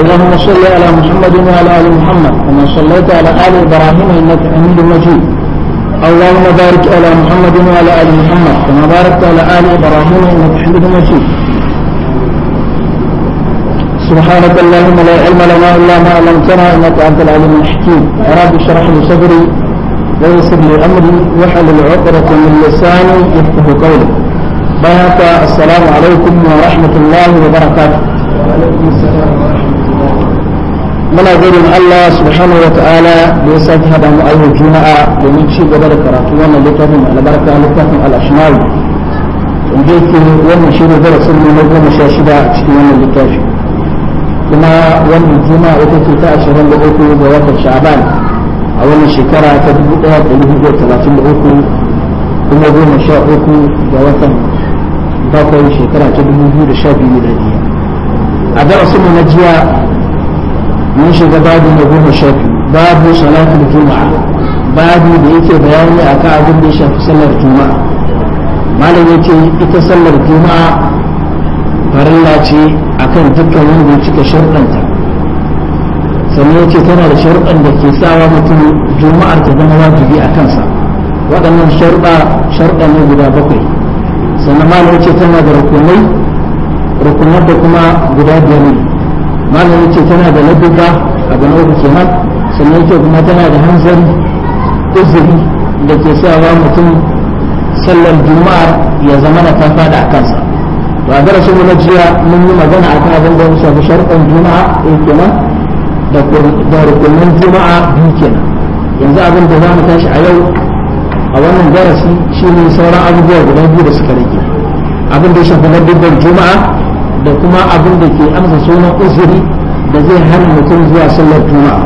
اللهم صل على محمد وعلى ال محمد كما صليت على ال ابراهيم انك حميد مجيد اللهم بارك على محمد وعلى ال محمد كما باركت على ال ابراهيم انك حميد مجيد سبحانك اللهم لا علم لنا الا ما علمتنا انك انت العليم الحكيم رب اشرح لي صدري ويسر لي امري واحلل عقدة من لساني يفقه قولي بارك السلام عليكم ورحمه الله وبركاته وعليكم السلام muna gode ma Allah subhanahu wa ta'ala da ya sake hada mu ayyukan juma'a domin ci gaba da karatu wannan littafin albarka littafin al-ashmal wanda yake wannan shirin ne darasin mu na goma sha shida a cikin wannan littafi kuma wannan juma'a ita ce ta ashirin da uku ga watan sha'aban a wannan shekara ta dubu daya da dubu talatin da uku kuma goma sha uku ga watan bakwai shekara ta dubu biyu da sha biyu da a darasin mu na jiya mun shiga babu na goma sha babu salatul juma'a babu da yake bayani akan abin da ya shafi sallar juma'a malam yake ita sallar juma'a farilla ce akan dukkan wanda ya cika sharɗanta sannan yace tana da sharɗan da ke sawa mutum juma'ar ta zama wajibi a kansa waɗannan sharɗa sharɗa ne guda bakwai sannan malam yace tana da rukunai rukunan da kuma guda biyar ne malam ce tana da labuka a na ke kenan sannan yake kuma tana da hanzari uzuri da ke sawa mutum sallar juma'a ya zama na ta fada a kansa to a darasin jiya mun yi magana a kan abin da ya shafi sharɗin juma'a ɗin eh, kenan da rukunin juma'a biyu kenan yanzu abin da za mu tashi a yau a wannan darasi ne sauran abubuwa guda biyu da suka rage abin da ya shafi na juma'a da kuma abin da ke amsa sunan uzuri da zai hana mutum zuwa sallar juma'a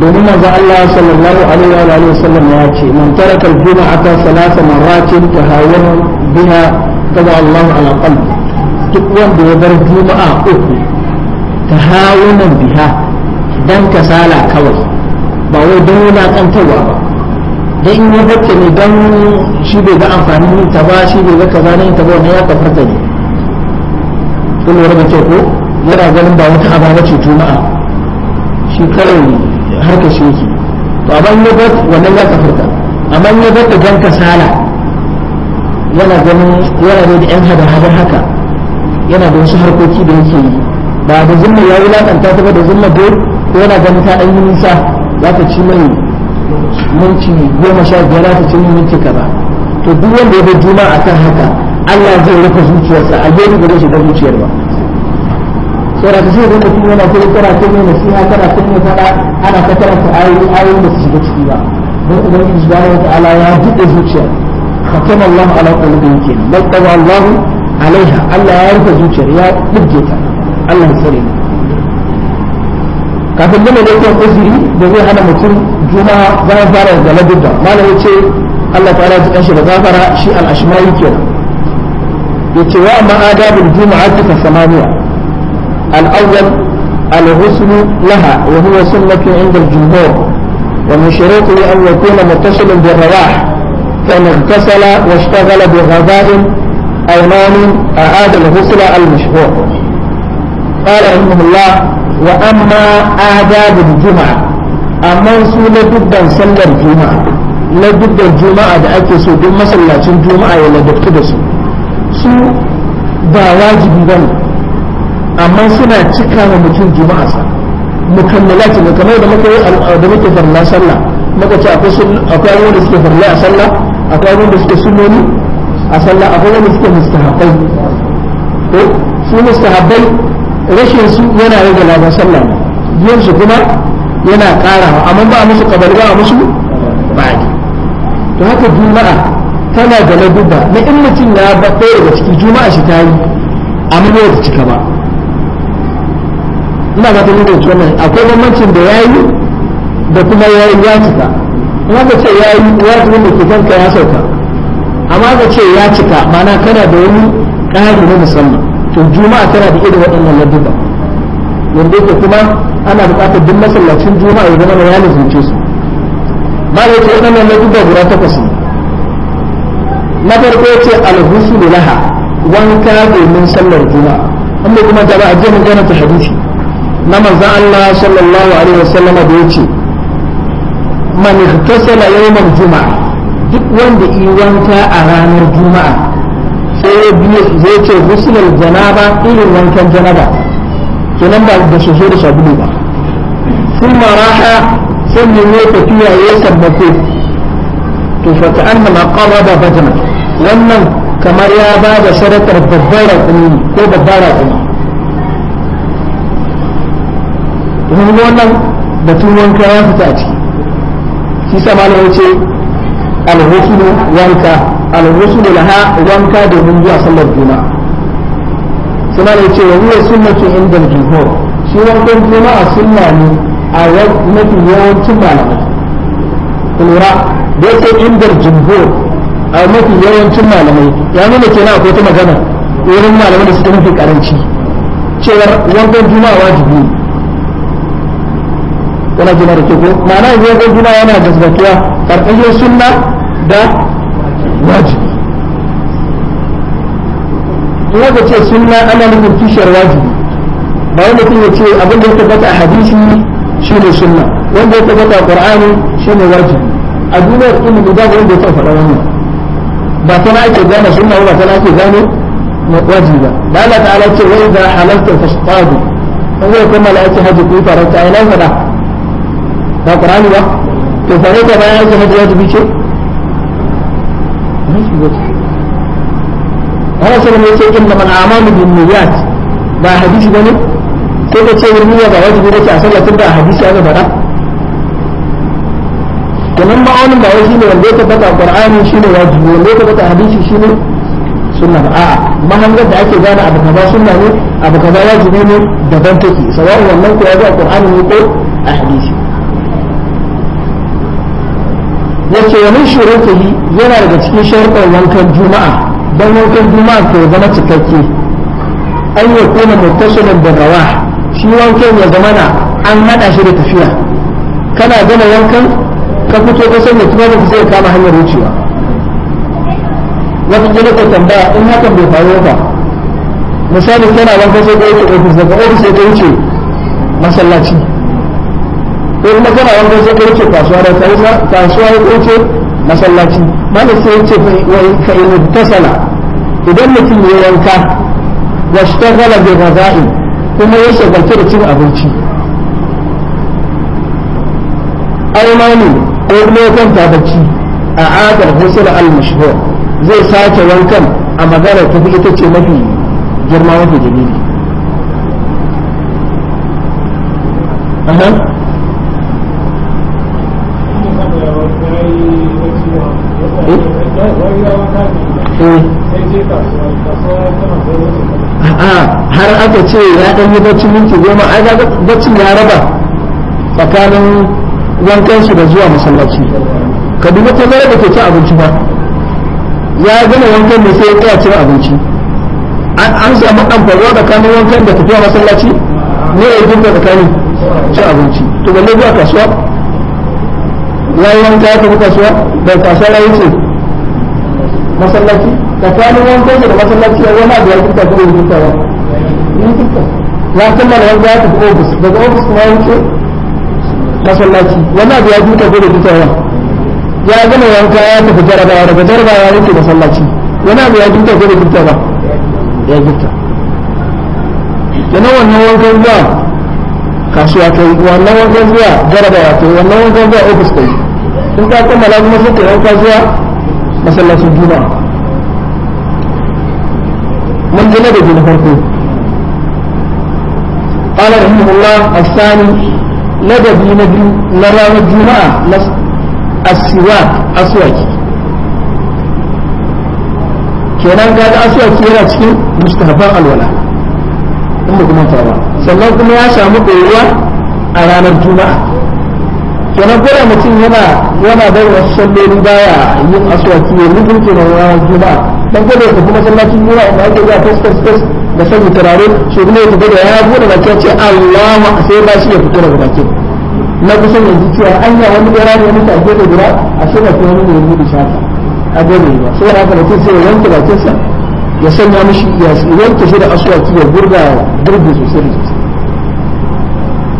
domin manzo Allah sallallahu alaihi wa alihi wasallam ya ce man taraka al-jum'ata salasa marratin tahawwana biha kaza Allah ala qalbi duk wanda ya bar juma'a uku tahawunan biha dan kasala kawai ba wai don wulakantarwa ba dan in ya ne dan shi bai ga amfanin ta ba shi bai ga kaza ne ta ba wannan ya kafarta ne kun lura da ko yana ganin ba wata aba bace juma'a shi kawai harka shi yake to amma in ya bacce wannan ya kafarta amma in ya bacce dan kasala yana ganin yana da yan hada-hadar haka yana da wasu harkoki da yake yi ba da zumma ya wulakanta ta ba da zumma ko yana ganin ta ɗan yi nisa za ta ci mai minti goma sha biyar ta ce minti kaza to duk wanda ya juma a akan haka Allah zai rufe zuciyarsa a gefe da zai shiga zuciyar ba saboda ta sai da kuma yana kuma kana kuma nasiha kana kuma fada ana ta karanta ayoyi ayoyi da su shiga ciki ba don zuwa wata ala ya buɗe zuciyar khatam Allah ala qulubihim kenan lattawa Allah alaiha Allah ya rufe zuciyar ya duke ta Allah ya sani kafin da ne yake uzuri da zai hana mutum kuma bayan fara da ladudda malam ya ce Allah ta'ala ji kanshi da gafara shi al-ashmai kenan yace wa amma adabul jumu'ati fa samaniya al-awwal al-ghusl laha wa huwa sunnatu 'inda al-jumhur wa min shurutihi an yakuna muttasilan bir-rawah fa in igtasala wa ishtaghala bi ghada'in aw nawmin a'ada al-ghusl al-mashhur قال رحمه الله وأما آداب الجمعة amma su na dubban sallar juma'a na dubban juma'a da ake so duk masallacin juma'a ya ladabtu da su su ba wajibi ba ne amma suna cika wa mutum juma'a sa mukammala ce kamar da muka yi da muke farla sallah muka ce akwai wanda suke farla a sallah akwai wanda suke sunnoni a sallah akwai wanda suke mustahabbai ko su mustahabbai rashin su yana rage ladan sallah yin su kuma yana karawa amma ba a musu kabari ba a musu ba'adi to haka juma'a tana da laduba na in mutum ya ba ɗaya da ciki juma'a shi ta yi amma ba da cika ba ina ga tun da juma'a akwai bambancin da ya yi da kuma ya yi ya cika in aka ce ya yi ya tuni da ka ya sauka amma aka ce ya cika mana kana da wani ƙari na musamman to juma'a tana da irin waɗannan laduba. wanda yake kuma ana buƙatar duk masallacin juma'a ya zama ya lazimce su ba da yake waɗannan na duba guda takwas na farko ya ce alhusu laha wanka domin sallar juma'a amma kuma a je mun gana ta hadisi na manzan Allah sallallahu alaihi wasallama da ya ce man ihtasala yawmal juma'a duk wanda yi wanka a ranar juma'a sai ya biye zai ce husulul janaba irin wankan janaba kenan ba da soso da sabulu ba sun maraha sannan ya tafiya ya sabbako to fata an na da bajana wannan kamar ya ba da sadakar babbar rakumi ko babbar rakumi kuma wannan batun wanka ya fita a ciki shi sama ya ce wanka alhusulu laha wanka domin zuwa sallar juma'a suna da cewa huwa sunnatu inda shi wankan juma'a sunna ne a mafi yawancin malamai kulura da yake a mafi yawancin malamai ya nuna kenan akwai ta magana wurin malamai da suka mafi karanci cewar wankan juma'a wajibi yana jina da ke ko ma'ana yanzu wankan juma'a yana gasgatuwa karkashin sunna da wajibi in aka ce sunna ana nufin kishiyar wajibi ba wanda mutum ya ce abin da ya tabbata a hadisi shi ne sunna wanda ya tabbata a qur'ani shi ne wajibi a duniyar ilimi da ga da ya faɗa wannan ba tana ake gane sunna ba tana ake gane wajibi ba da Allah ta'ala ce wa idza halalta fashtadu an zai kuma la'aci hajji ku faranta ai nan fada ba qur'ani ba to faranta bayan hajji hajji wajibi ce ana sai mai ce inna man amalu bin niyyat ba hadisi bane sai ka ce yin niyya ba wajibi nake a sallah da hadisi aka faɗa kenan ma'aunin ba wajibi ne wanda ya tabbata qur'ani shine wajibi wanda ya tabbata hadisi shine sunna ba a'a mahangar da ake gane abu kaza sunna ne abu kaza wajibi ne daban take sawa'u wannan ko ya zo qur'ani ne ko a hadisi yace wa min shurutihi yana daga cikin sharuɗan wankan juma'a don wankan juma'a ke zama cikakke an yi kuna mutashirin da rawa shi wankan ya zama na an hada shi da tafiya kana gane wankan ka fito ka sanya kuma ka zai kama hanyar wucewa wata jini ka tambaya in hakan bai faru ba misali kana wankan sai ka wuce ofis daga ofis sai ka wuce masallaci ko kuma kana wankan sai ka wuce kasuwa da kasuwa ya wuce masallaci mana sai ce ka in tasala idan mutum ya yanka wa shtaghala bi ghada'i kuma ya shagaltu da cin abinci aimani ko kuma ya bacci a adar husul al-mashhur zai sake wankan a magana ta fi ita ce mafi girma mafi dalili aka ce ya ɗan yi bacci minti goma ai ga baccin ya raba tsakanin wankan shi da zuwa masallaci ka duba ta zara da ke ci abinci ba ya gama wankan ne sai ya tsaya cin abinci an an samu dan faruwa tsakanin wankan da tafiya masallaci ne ya da tsakanin ci abinci to balle zuwa kasuwa ya yi wanka ya tafi kasuwa da kasuwa ya ce masallaci tsakanin wankan da masallaci ya zama da ya dinka da ya dinka ba ya kammala wanda ya tafi ofis daga ofis kuma ya wuce masallaci wannan abu ya duka ko duka dukawa ya gama wanka ya tafi jarabawa daga jarabawa ya wuce masallaci wannan abu ya duka ko duka dukawa ya duka yana wannan wankan zuwa kasuwa ta yi wannan wankan zuwa jarabawa ta yi wannan wankan zuwa ofis ta yi in ka kammala kuma sai ka yanka zuwa masallacin juma'a mun gina da gina farko رحمه الله الثاني لدبي نبي نرى الجمعة السواك أسواك cikin mustahabban alwala in ba kuma tawa sannan kuma ya samu ɗoruwa a ranar kenan gwada mutum yana yana bai wasu salloli baya yin aswaki ya rubin kenan juma'a dan ya tafi masallacin juma'a da ake zuwa face face da sanya turare shi kuma ya tafi da ya bude baki ya ce Allahu a sai ba shi ya fito daga baki na kusa ne ji cewa an ya wani gara ne muka a da gura a sai kuma wani ne ya bude shata a gare ba sai da haka mutum sai ya yanke bakinsa ya sanya mishi ya yanke shi da asuwaki ya gurga gurbi sosai da sosai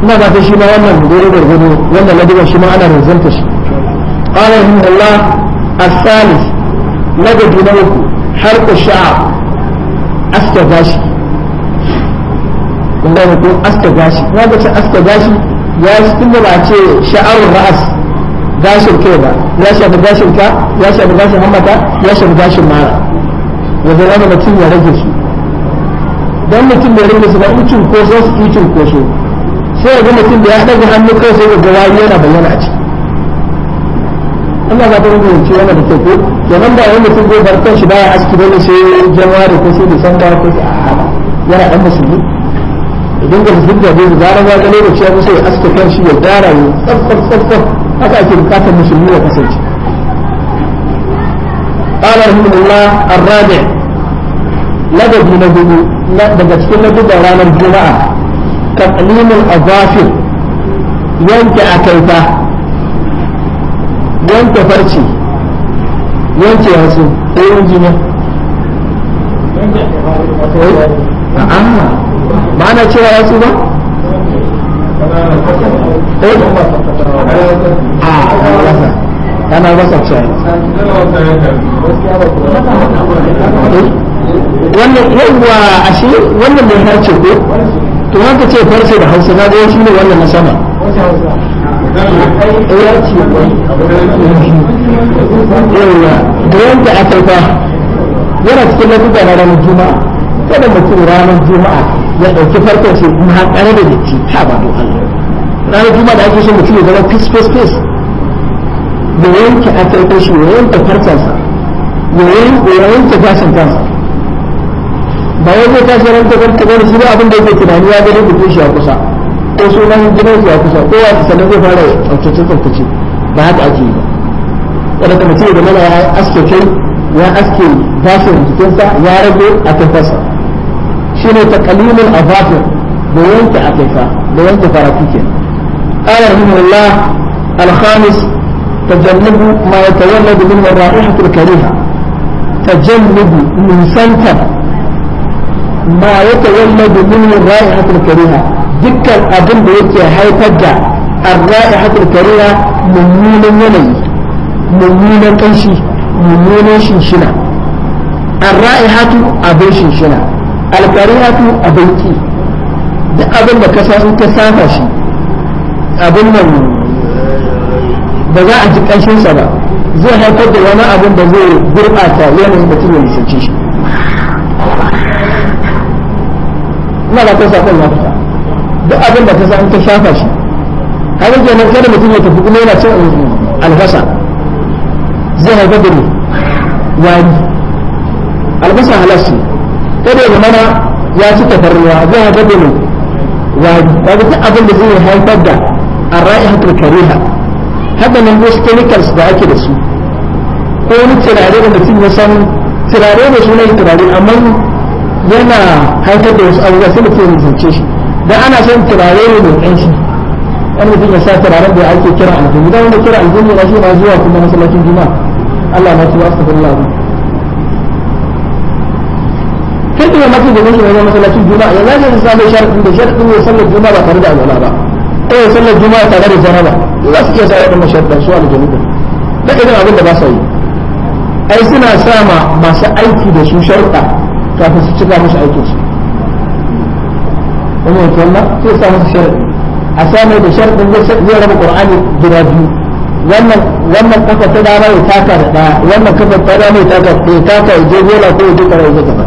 ina ba ta shi ma wannan gudere da gudu na ladiban shi ma ana rinzanta shi قال رحمه الله الثالث لقد نوكو حرق sha'a. aska gashi kun gane ko aska gashi na ga ce aska gashi ya shi da ba ce sha'arun ra'as gashin kai ba ya shafi gashin ka ya shafi gashin hammata ya shafi gashin mara ya zama mutum ya rage su dan mutum da rage su ba in cunkoso su ko cunkoso sai ga mutum da ya ɗaga hannu kai sai ga wani yana bayyana a ciki ina za ta rubu yanci yana da ke ko kenan da wanda sun zai bar kanshi baya aski dole sai januwari ko sai disamba ko sai a yana dan musulmi idan ga musulmi da zai zara ya ga lokaci ya kusa ya aske shi ya gyara ya tsaf tsaf haka ake bukatar musulmi ya kasance قال رحمه الله الرابع لدد لدد daga cikin ladubar ranar juma'a taqlimul azafir yanke akaifa wanke farce wanke hasu ko yin jini ba na cewa hatsu ba kana eh? ah, rasa cewa wannan a shi wannan mai harce ko to haka ce farce da hausa na shi ne wannan na sama da yanke a sauka yana cikin lafiya na ranar juma'a kada mutum ranar juma'a ya ɗauki farkon shi kuma hankali da datti ta ba don Allah ranar juma'a da ake so mutum ya zama peace peace peace da yanke a sauka shi ya yanke farkonsa ya yanke gashin kansa ba wai zai tashi ran ba abin da yake tunani ya gani da shi a kusa ko sunan gidan ya kusa ko ya kusa ne zai fara tsaftace tsaftace ba haka ake yi ba kada kuma ce da mana ya aske kai ya aske bashin jikinsa ya rage a kafarsa shi ne ta a azafin da yanke a kaifa da yanke faratu ke قال رحمه الله min تجنب ما يتولد منه الرائحة الكريهة تجنب من سنتر ما min منه الرائحة الكريهة dukkan abin da yake haifar da arra'ihatul karira mummunan yanayi mummunan kanshi mummunan shinshina arra'ihatu abin shinshina alkarihatu abin ki da abin da kasa in ta safa shi abin nan ba za a ji kanshinsa ba zai haifar da wani abin da zai gurɓata yanayin mutum ya nisance shi ina ta sakon na fita duk abin da ta san ta shafa shi kaga kenan kada mutum ya tafi kuma yana cin albasa zai haifar da wani albasa halassu kada ya mana ya ci tafarnuwa zai haifar da wani kaga duk abin da zai haifar da arra'ihatul kariha haka nan wasu chemicals da ake da su ko wani turare da mutum ya san turare da sunan turare amma yana haifar da wasu abubuwa sai mutum ya zance shi dan ana son turare ne mai ƙanshi wani mutum ya sa turaren da ake kira aljihu dan wanda kira aljihu na shi na zuwa kuma masallacin juma'a Allah na tuwa astaghfirullah kai kuma mace da mace wajen masallacin juma'a yanzu ake da sabon sharadin da sharadin ya sallar juma'a ba tare da alwala ba ko ya sallar juma'a tare da jaraba za su iya sa waɗannan sharadin su aljihu da irin abin da ba sa yi ai suna sama masu aiki da su sharuɗa kafin su cika musu aikinsu kuma yake wannan sai sa musu sharadi a samu da sharadin zai raba qur'ani gida biyu wannan wannan kafa ta dama ya taka da daya wannan kafa ta dama ya taka ya taka ya je gola ko ya je kara ya gaba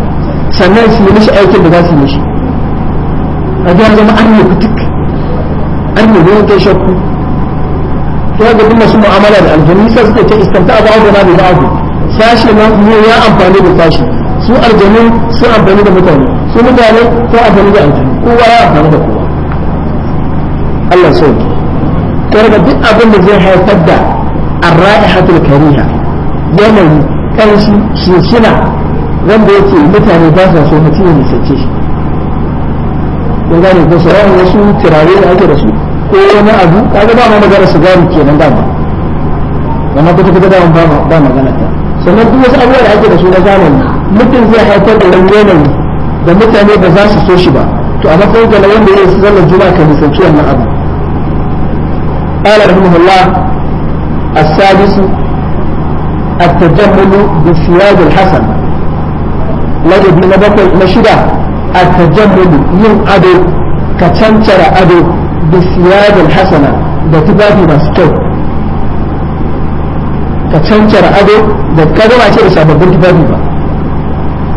sannan su yi mishi aikin da za su yi mishi a ga zama an ne fitik an ne ne ta shakku sai ga duk masu mu'amala da aljanu sai suke ta istanta abu abu na bi ba'du sashi na ya amfani da sashi su aljanu sun amfani da mutane su mutane ko amfani da aljanu kowa ya amfani da kowa Allah so to daga duk abin da zai haifar da arra'ihatul kariha yanayi kanshi shishina wanda yake mutane ba sa so mutum ya nisace shi kun gane ko sauran wasu turare da ake da su ko wani abu kaga ba ma magana sigari kenan dama wannan kuta kuta dama ba magana ta sannan duk wasu abubuwa da ake da su na zamani mutum zai haifar da wani yanayi da mutane ba za su so shi ba to a matsayin ga wanda ya yi sallar juma'a kan nisanci wannan abu qala rahimahullah as-sadis التجمل بالثياب الحسن ladabi na bakwai na shida a tajammudu yin ado ka cancara ado da siyadin hasana da tufafi masu kyau ka cancara ado da ka gama ce da sababbin tufafi ba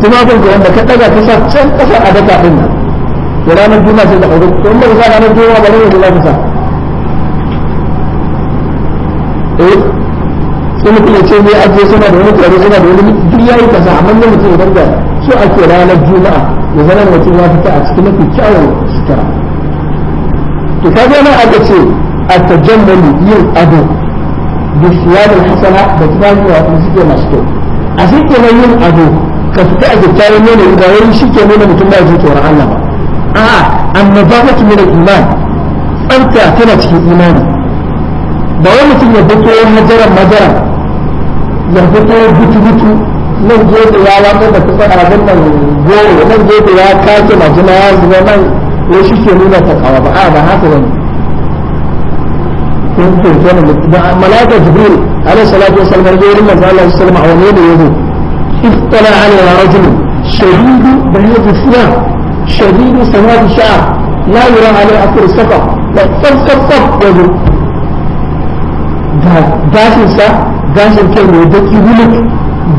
tufafin ka wanda ka daga ka sa can kasar adaka din nan da ranar juma'a sai da aure to in ba ka sa ranar juma'a ba ne za ka sa eh sai mutum ya ce ne ajiye suna da wani tare suna da wani duk yayi kasa amma ne mutum idan da so ake ranar juma'a ya zama mutum ya fita a cikin mafi kyawun sutura to ka ga nan aka ce a tajammali yin ado da siyar hasana da tufafi wato suke masu kyau a suke yin ado ka fita a kyakkyawan yanayi ba wani shi ke nuna mutum ba ya ji tsoron Allah ba a'a annabata min al-iman tsafta tana cikin imani ba wani mutum ya fito hajaran madara ya fito butu-butu nan gefe ya wata da kusa a abin nan goro nan gefe ya kake majina ya zuba nan ya shi ke nuna takawa ba a ba haka wani kun kirkiyar da malaka jibril alaihi salatu wa sallam ya yi manzo Allah sallallahu alaihi wa sallam a wani ne yazo istala ala rajul shahid شديد sanadi الشعر لا يرى عليه أثر السفر لا طب طب طب يقول gashin sa gashin kai mai daki wulik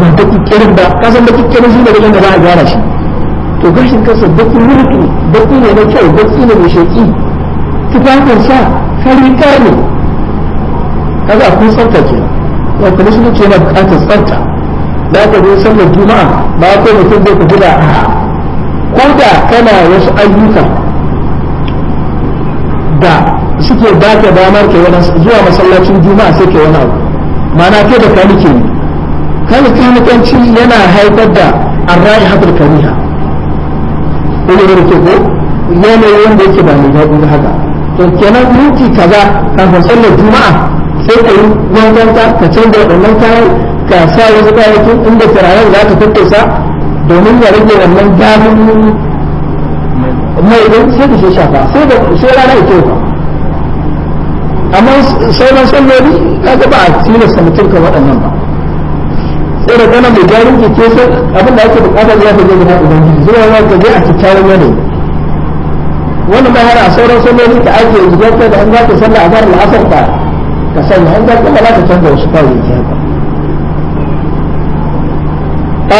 ba daki kirin ba kasan daki kirin shi ne da za a gyara shi to gashin kansa daki wulik ne daki ne na kyau daki ne mai sheki tufafin sa harika ne kaga akwai tsafta ke wa kuma shi ne ce na bukatar tsafta da aka zo sallar juma'a ba ko mutum zai tafi da ko da kana wasu ayyuka da suke ba ka damar ke wani zuwa masallacin juma'a sai ke wani abu mana ke da kani ne kan kanikanci yana haifar da arra'i hatar kaniha ko da ke ko yanayin wanda yake ba mai daɗi na haka to kenan minti kaza kafin sallar juma'a sai ka yi wankan ka ka canza waɗannan kayan ka sa wasu kayayyakin inda turaren za ka tattausa domin ya rage wannan gamin mai don sai da shi shafa sai da sai rana ita ba amma sauran salloli kaga ba a tilasta mutum ka waɗannan ba sai da kana mai jarin ke sai abin da ake bukatar ya fi zai ubangiji zuwa ya gaje a kyakkyawan yanayi wannan bayar a sauran salloli ka ake ziyarta da an za ka sallah a bar al'asar ka ka sanya an za ka ba za ka canza wasu kawai ke haka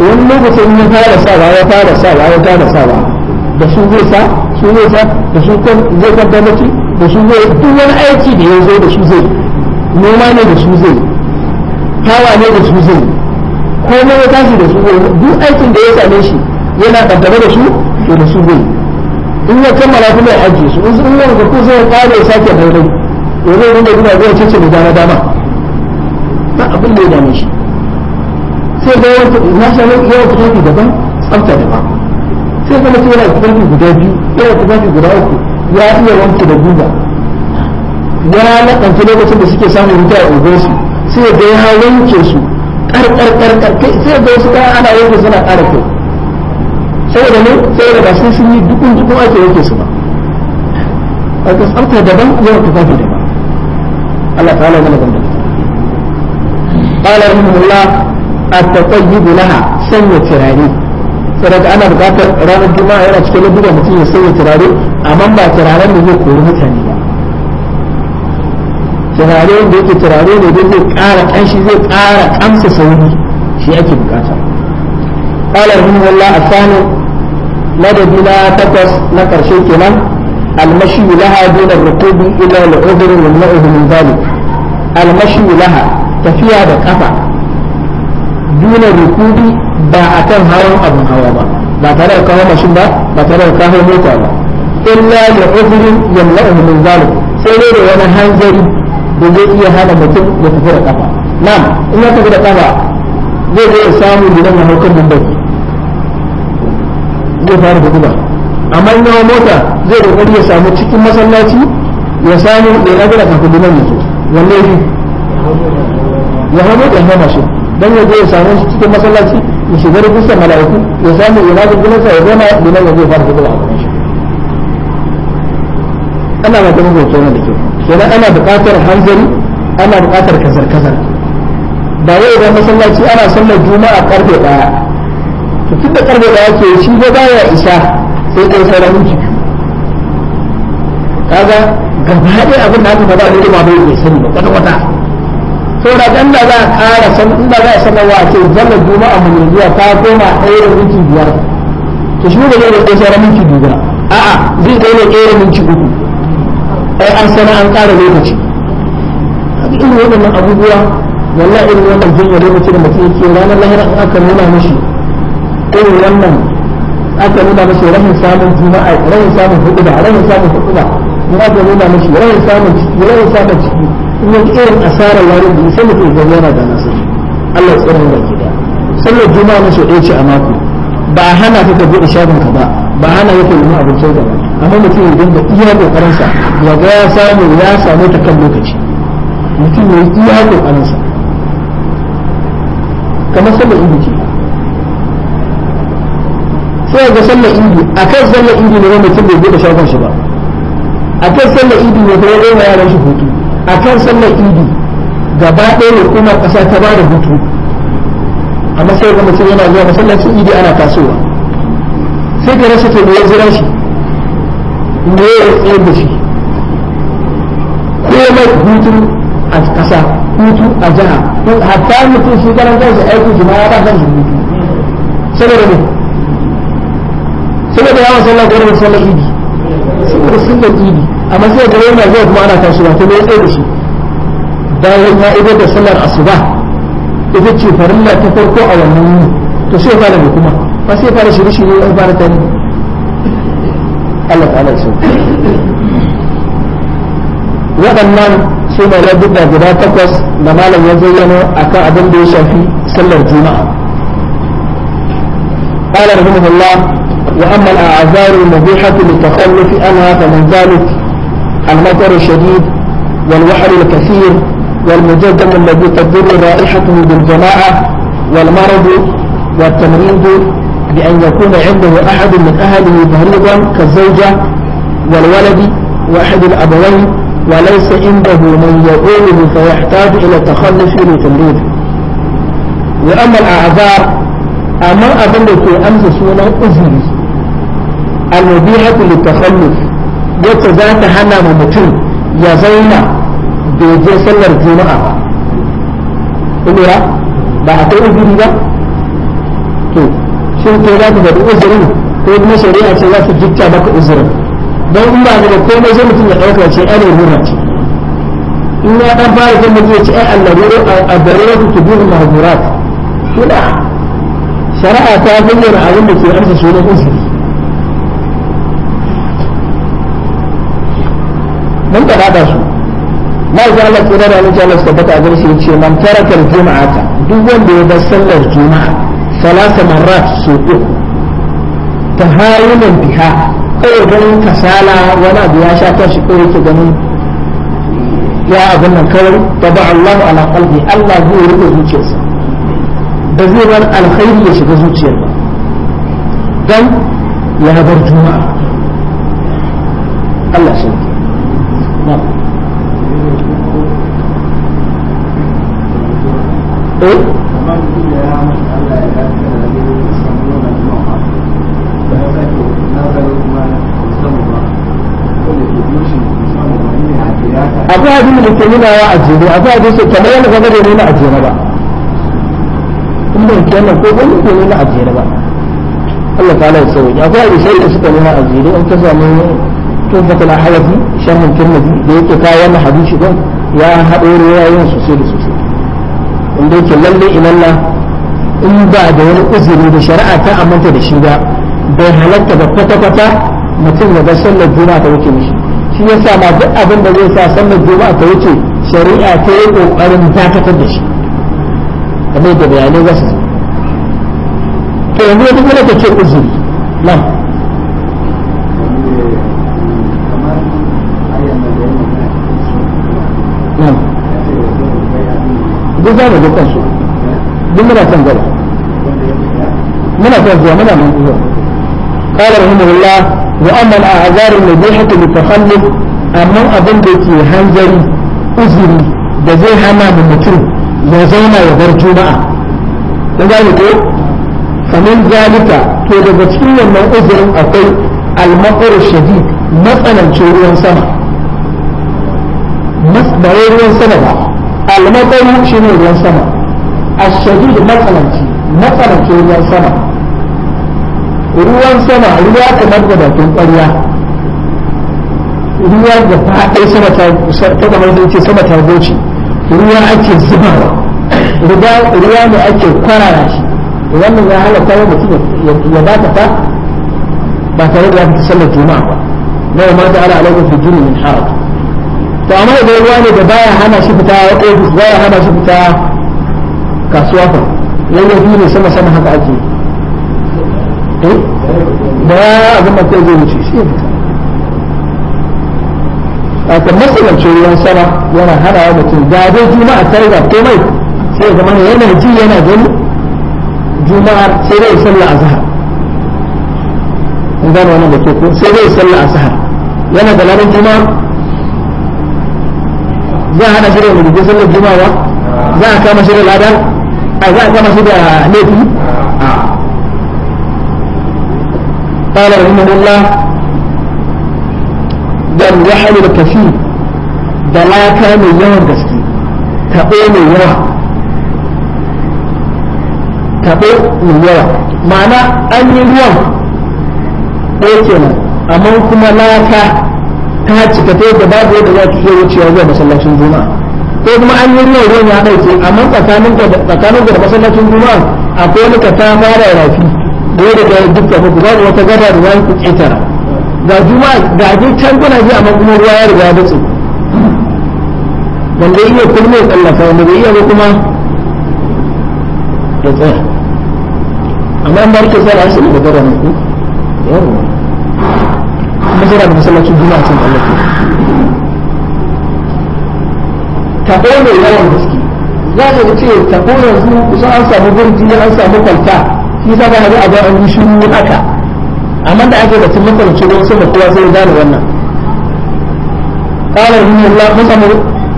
wani lokacin ya fara ba ya fara ba ya fara ba da su zai sa su zai sa da su zai kwanta bacci da su zai duk wani aiki da ya zo da su zai noma ne da su zai hawa ne da su zai komai ya tashi da su zai duk aikin da ya same shi yana tattare da su to da su zai in ya kammala kuma ya ajiye su in yana da ko zai kare ya sake daidai to zai rinda gina zai cece da dama dama ba abin da ya dame shi sai ga yawan tufafi daban tsafta daban sai kuma sai yana tufafi guda biyu yana tufafi guda uku ya iya wanke da guga ya lakanta lokacin da suke samun wuta a sai ga ya wanke su karkarkarkar sai ga wasu ana yanke suna saboda ne saboda ba sai sun yi dukun dukun ake yanke su ba tsafta daban yawan tufafi daban Allah ta'ala mana قال رحمه الله at-taqayyib laha sanya turare saboda ana buƙatar ranar juma'a yana cikin lafiya mutum ya sanya turare amma ba turaren da zai kori mutane ba turare da yake turare ne da zai ƙara ƙanshi zai ƙara ƙamsa sauri shi ake buƙata qala rahimahullah asani ladabi na takwas na ƙarshe kenan المشي لها دون الركوب إلى العذر يمنعه من ذلك المشي لها tafiya da kafa duna rukubi ba a kan hawan abin hawa ba ba tare da kawo mashin ba ba tare da kawo mota ba illa da uzurin yamla'uhu min zalim sai dai da wani hanzari da zai iya hana mutum ya tafi da kafa nan in ya tafi da kafa zai zai samu gidan ya hau kan mumbai zai fara da guba amma in yawa mota zai kokari ya cikin masallaci ya samu ya ragara kafin liman ya zo wannan ya hau mota ya hau mashin dan ya je ya samu shi cikin masallaci ya shiga rubutun mala'iku ya samu rage gidan sa ya zama liman ya je fara shi. ana ma kuma hoto na da kenan ana buƙatar hanzari ana buƙatar kazar-kazar ba wai idan masallaci ana sallar juma'a karfe daya to tun da karfe ɗaya ke shi ba baya isa sai kai sauran minti kaga gaba ɗaya abin da aka faɗa ne ba bai sani ba kwata-kwata saboda dan da za a ƙara san in da za a ce zalla juma'a mu zuwa ta koma ɗaya minti biyar to shi ne zai ɗaya sauran minti biyu a'a zai ɗaya ɗaya minti uku ai an sana an ƙara lokaci irin waɗannan abubuwa wallahi irin wannan jinya lokaci da mutum yake ranar lahira in aka nuna mishi irin wannan aka nuna mishi rahin samun juma'a rahin samun hudu da rahin samun hudu da aka nuna mishi rahin samun ciki rahin samun ciki kuma irin asarar yaron da sai mutum ga yana da nasu Allah ya tsare da gida sallar juma'a na so ɗaya ce a mako ba hana ka buɗe shagon ka ba ba hana ka yi abincin da ba amma mutum ya dinga iya kokarin sa ya ga ya samu ya samu ta kan lokaci mutum ya yi iya kokarin sa kamar sallar idi ce sai ga sallar idi a kan sallar idi ne mutum bai buɗe shagon shi ba a kan sallar idi ne kuma ya yaran shi hutu a kan sallar idi gaba ɗaya ne ƙasa ta ba da hutu amma sai ga mutum yana zuwa masallacin idi ana tasowa sai ka rasa to me ya jira shi me ya tsayar da shi komai hutu a ƙasa hutu a jiha hatta mutum shi garan kansa aikin jima'a ba kan shi hutu saboda ne saboda yawon sallah ko da sallar idi saboda sallar idi amma sai ga yana zuwa kuma ana kasuwa ta mai tsaye da shi bayan ya ido da sallar asuba ita ce farilla ta farko a wannan yini to sai fara da kuma ba sai fara shiri shiri ya fara tani Allah ta'ala ce waɗannan su ne rabbuka guda takwas da malam ya zayyano akan abin da ya shafi sallar juma'a قال رحمه الله وأما الأعذار المبيحة للتخلف عنها فمن ذلك المطر الشديد والوحل الكثير والمجدم الذي تضر رائحته بالجماعة والمرض والتمريض بأن يكون عنده أحد من أهله مريضا كالزوجة والولد وأحد الأبوين وليس عنده من يؤوله فيحتاج إلى التخلف للتمريض وأما الأعذار أما أظن في أمس سنة المبيعة للتخلف wacce za ta hana ma mutum ya zauna da je sallar juma'a ba kuma ba a kai uzuri ba to shi ko za ka faɗi uzurin ko kuma shari'a ce za ta jikta maka uzurin don in ba ga da komai zai mutum ya ɗauka ce ana rura ce in ya ɗan fara kan mutum ya ce ai allaro a barira ku ki bin mahzurat kula shari'a ta bayyana abin da ke amsa sunan uzuri mun ta da su ma ya Allah ko da ranar Allah suka bata gare shi yace man taraka juma'ata duk wanda ya bar sallar juma'a salasa marrat su uku tahayunan biha kawai ganin kasala wani abu ya sha tashi ko yake ganin ya abin nan kawai da ba Allah ala qalbi Allah zai rike zuciyarsa da zai bar alkhairi ya shiga zuciyar ba dan ya bar juma'a Allah shi eh akwai abin da ke nuna wa a jere akwai abin su kamar yana gaba da nuna a jere ba in ban kenan ko gani ko nuna a jere ba Allah ta lai sauki akwai abin sai da suka nuna a jere in ka samu tufatul halafi shahin tirmidhi da yake kayan hadisi don ya haɗo ruwayoyin sosai da sosai In yake lalle ilalla in ba da wani uzuri da shari'a ta aminta da shi ba bai halatta ba kwata-kwata mutum ya ga sallar juma'a ta wuce mishi shi yasa ma duk abin da zai sa sallar juma'a ta wuce shari'a ta yi kokarin dakatar da shi kamar da bayanai za su zama to yanzu wata kala ta ce uzuri nan za mu ga kansu duk muna son gaba muna son zuwa muna nan zuwa قال رحمه الله وأما الأعذار المبيحة للتخلف أما أبن بيتي هنزري أزري دزي هما من مترو يزينا يبر جمعة لذلك فمن ذلك كده بتكين من أزر أقول المطر الشديد مثلا شروع سما مثلا شروع سما almatsayi shi ne ruwan sama ashadid matsalanci matsalanci ruwan ruwan sama ruwa kamar da bakin ƙwarya ruwa da faɗai sama ta kamar da yake sama ta goce ruwa ake zubawa ruwa ne ake kwarara shi wannan ya halatta wa mutum ya dakata ba tare da ya sallar juma'a ba na wa ma ta'ala alaikum fi dini min haraj to amma idan ruwa ne da baya hana shi fita ofis baya hana shi fita kasuwa fa yayyafi ne sama sama haka ake da abin da kai zai wuce shi haka matsalancin ruwan sama yana hana wa mutum da dai juma'a ta riga komai sai zama yana ji yana gani juma'ar sai dai sallah azhar in gano wannan da ke ko sai dai sallah azhar yana da ladan juma'a za a hada shi da rubuce sallar juma'a za a kama shi da a za a kama shi laifi قال رحمه الله da wahal da kafi da laka mai yawan gaske taɓo mai yawa taɓo mai yawa ma'ana an yi ruwan kenan amma kuma laka ta cika ta yadda babu yadda za ka iya wucewa zuwa masallacin juma'a ko kuma an yi ruwan ruwan ya ɗauke amma tsakanin tsakanin da masallacin juma'a akwai wani ka ta fara rafi da yadda ya yi dukkan ku babu wata gada da za ku ƙetara ga juma'a ga dai can kuna ji amma kuma ruwa ya riga da datse wanda iya kullum tsallafa wanda bai iya ba kuma ya tsaya amma an bar ka tsara asali da gada ne ku yawa masara da masallacin juma'a sun tsallake tabo mai yawan gaske za ka ce tabo yanzu kusan an samu gurji an samu kwalta shi sa a ga abin an yi shiru haka amma da ake da cikin matsalacin ruwan sama kowa sai gane wannan قال رحمه الله مثلا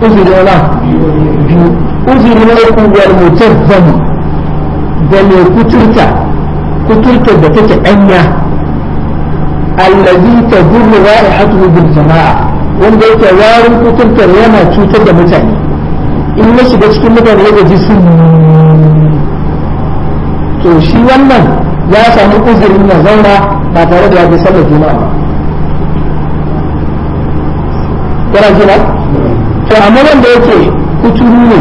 أزر ولا أزر biyu. والمتذم da mai kuturta kuturta da take ɗanya allazi tadurru ra'ihatuhu bil jama'a wanda yake warin kuturtar yana cutar da mutane in ya shiga cikin mutane ya gaji sun to shi wannan ya samu uzurin na zauna ba tare da ya bi sallar juma'a ba kana jira to amma wanda yake kuturu ne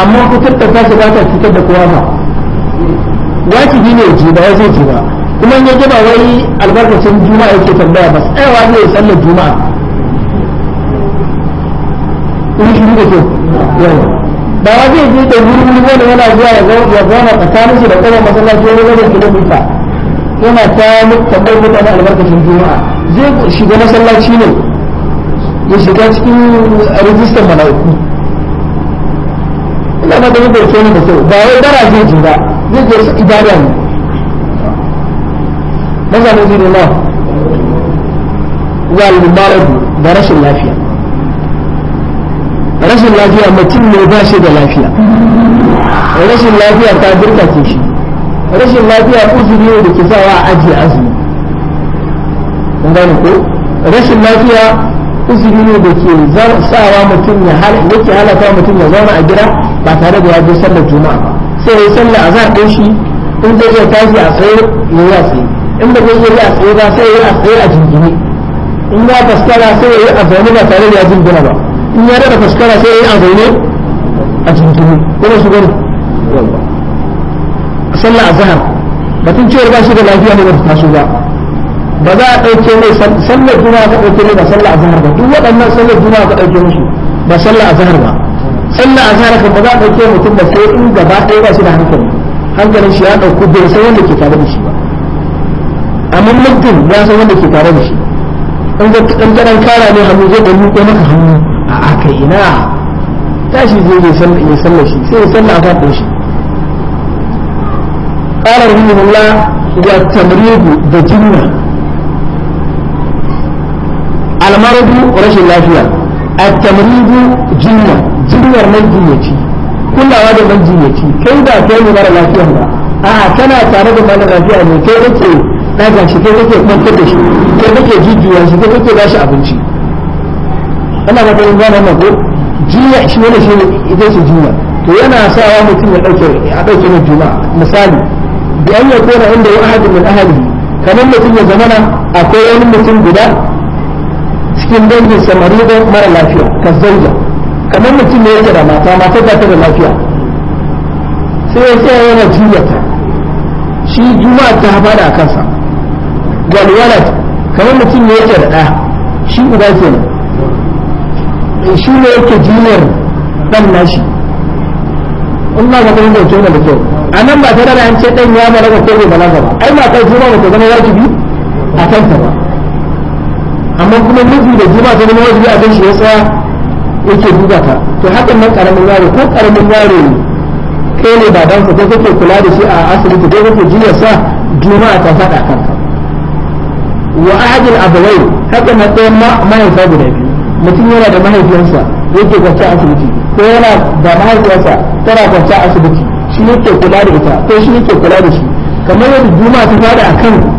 amma kuturtar ta shiga ta cutar da kowa ba wajibi ne ji ba ya zai ji ba kuma in yaje ba wai albarkacin juma'a yake tambaya ba tsayawa ne ya sallar juma'a in shi da ke ba wa zai je da wurin wuri wani yana zuwa ya ya na tsakanin shi da kuma masallaci wani wajen kilomita yana ta tabbai mutane albarkacin juma'a zai shiga masallaci ne ya shiga cikin rijistar mala'iku ina ma da mutum ke da kyau ba wai dara zai je ba zai je ibada ne Maza mazanin zuri na wal maradu da rashin lafiya rashin lafiya mutum ne ba shi da lafiya rashin lafiya ta birkace shi rashin lafiya uzuri ne da ke sawa a ajiye azumi kun gane ko rashin lafiya uzuri ne da ke sawa mutum ya yake halaka mutum ya zauna a gida ba tare da ya je sallar juma'a ba sai ya sallar azhar din shi in zai iya tashi a tsaye ya yi tsaye in ba zai yi a tsaye ba sai ya a a jingine in ya faskara sai ya a zaune ba tare da ya jingina ba in ya daɗa faskara sai ya a zaune a jingine kuma su gani sallah azhar batun cewar ba shi da lafiya ne ba ta taso ba ba za a ɗauke mai sallar juma'a ka ɗauke mai ba sallar azhar ba duk waɗannan sallar juma'a ka ɗauke musu ba sallar azhar ba sallar azhar kan ba za a ɗauke mutum ba sai in gaba ɗaya ba shi da hankali hankalin shi ya ɗauku bai sai wanda ke tare da shi ba amma mutum ya san wanda ke tare da shi in ga kankanan kara ne hannu zai ɗan miƙo maka hannu a aka ina tashi zai ya sallar shi sai ya sallar a faɗin shi ƙara rahimahullah ya tamribu da jinna almaradu rashin lafiya a tamribu jinna jinnar majinyaci kulawa da majinyaci kai ba kai ne mara lafiya ba a'a kana tare da mara lafiya ne kai kake ɗaga shi kai kake kwantar da shi kai kake jujjuya shi kai kake ba shi abinci ana ba ta yin gane ma ko jiya shi wani shi ne idan ce jiya to yana sa wa mutum ya ɗauke a ɗauke na juna misali da an yako na inda wani ahadin min ahali kamar mutum ya zamana akwai wani mutum guda cikin dangin samari da mara lafiya ka zauja kamar mutum ne yake da mata mata ta ta da lafiya sai ya tsaya yana jiyata shi juma'a ta haɓa da kansa walwalad kamar mutum ne yake da ɗa shi uba kenan shi ne yake juyar ɗan nashi in ma ka kuma da kyau da kyau a nan ba tare da an ce ɗan ya balaga ko bai balaga ba ai ba kai juma ba ta zama wajibi a kanta ba amma kuma nufi da juma ta zama wajibi a kan shi ya tsaya yake duba ta to hakan nan karamin yaro ko karamin yaro ne kai ne babansa ko kake kula da shi a asibiti ko kake jiyarsa juma'a ta faɗa kanka wa ahadul abawai haka na ɗayan mahaifa guda biyu mutum yana da mahaifinsa yake kwance asibiti ko yana da mahaifiyarsa tana kwance asibiti shi yake kula da ita ko shi yake kula da shi kamar yadda juma ta fada akan kan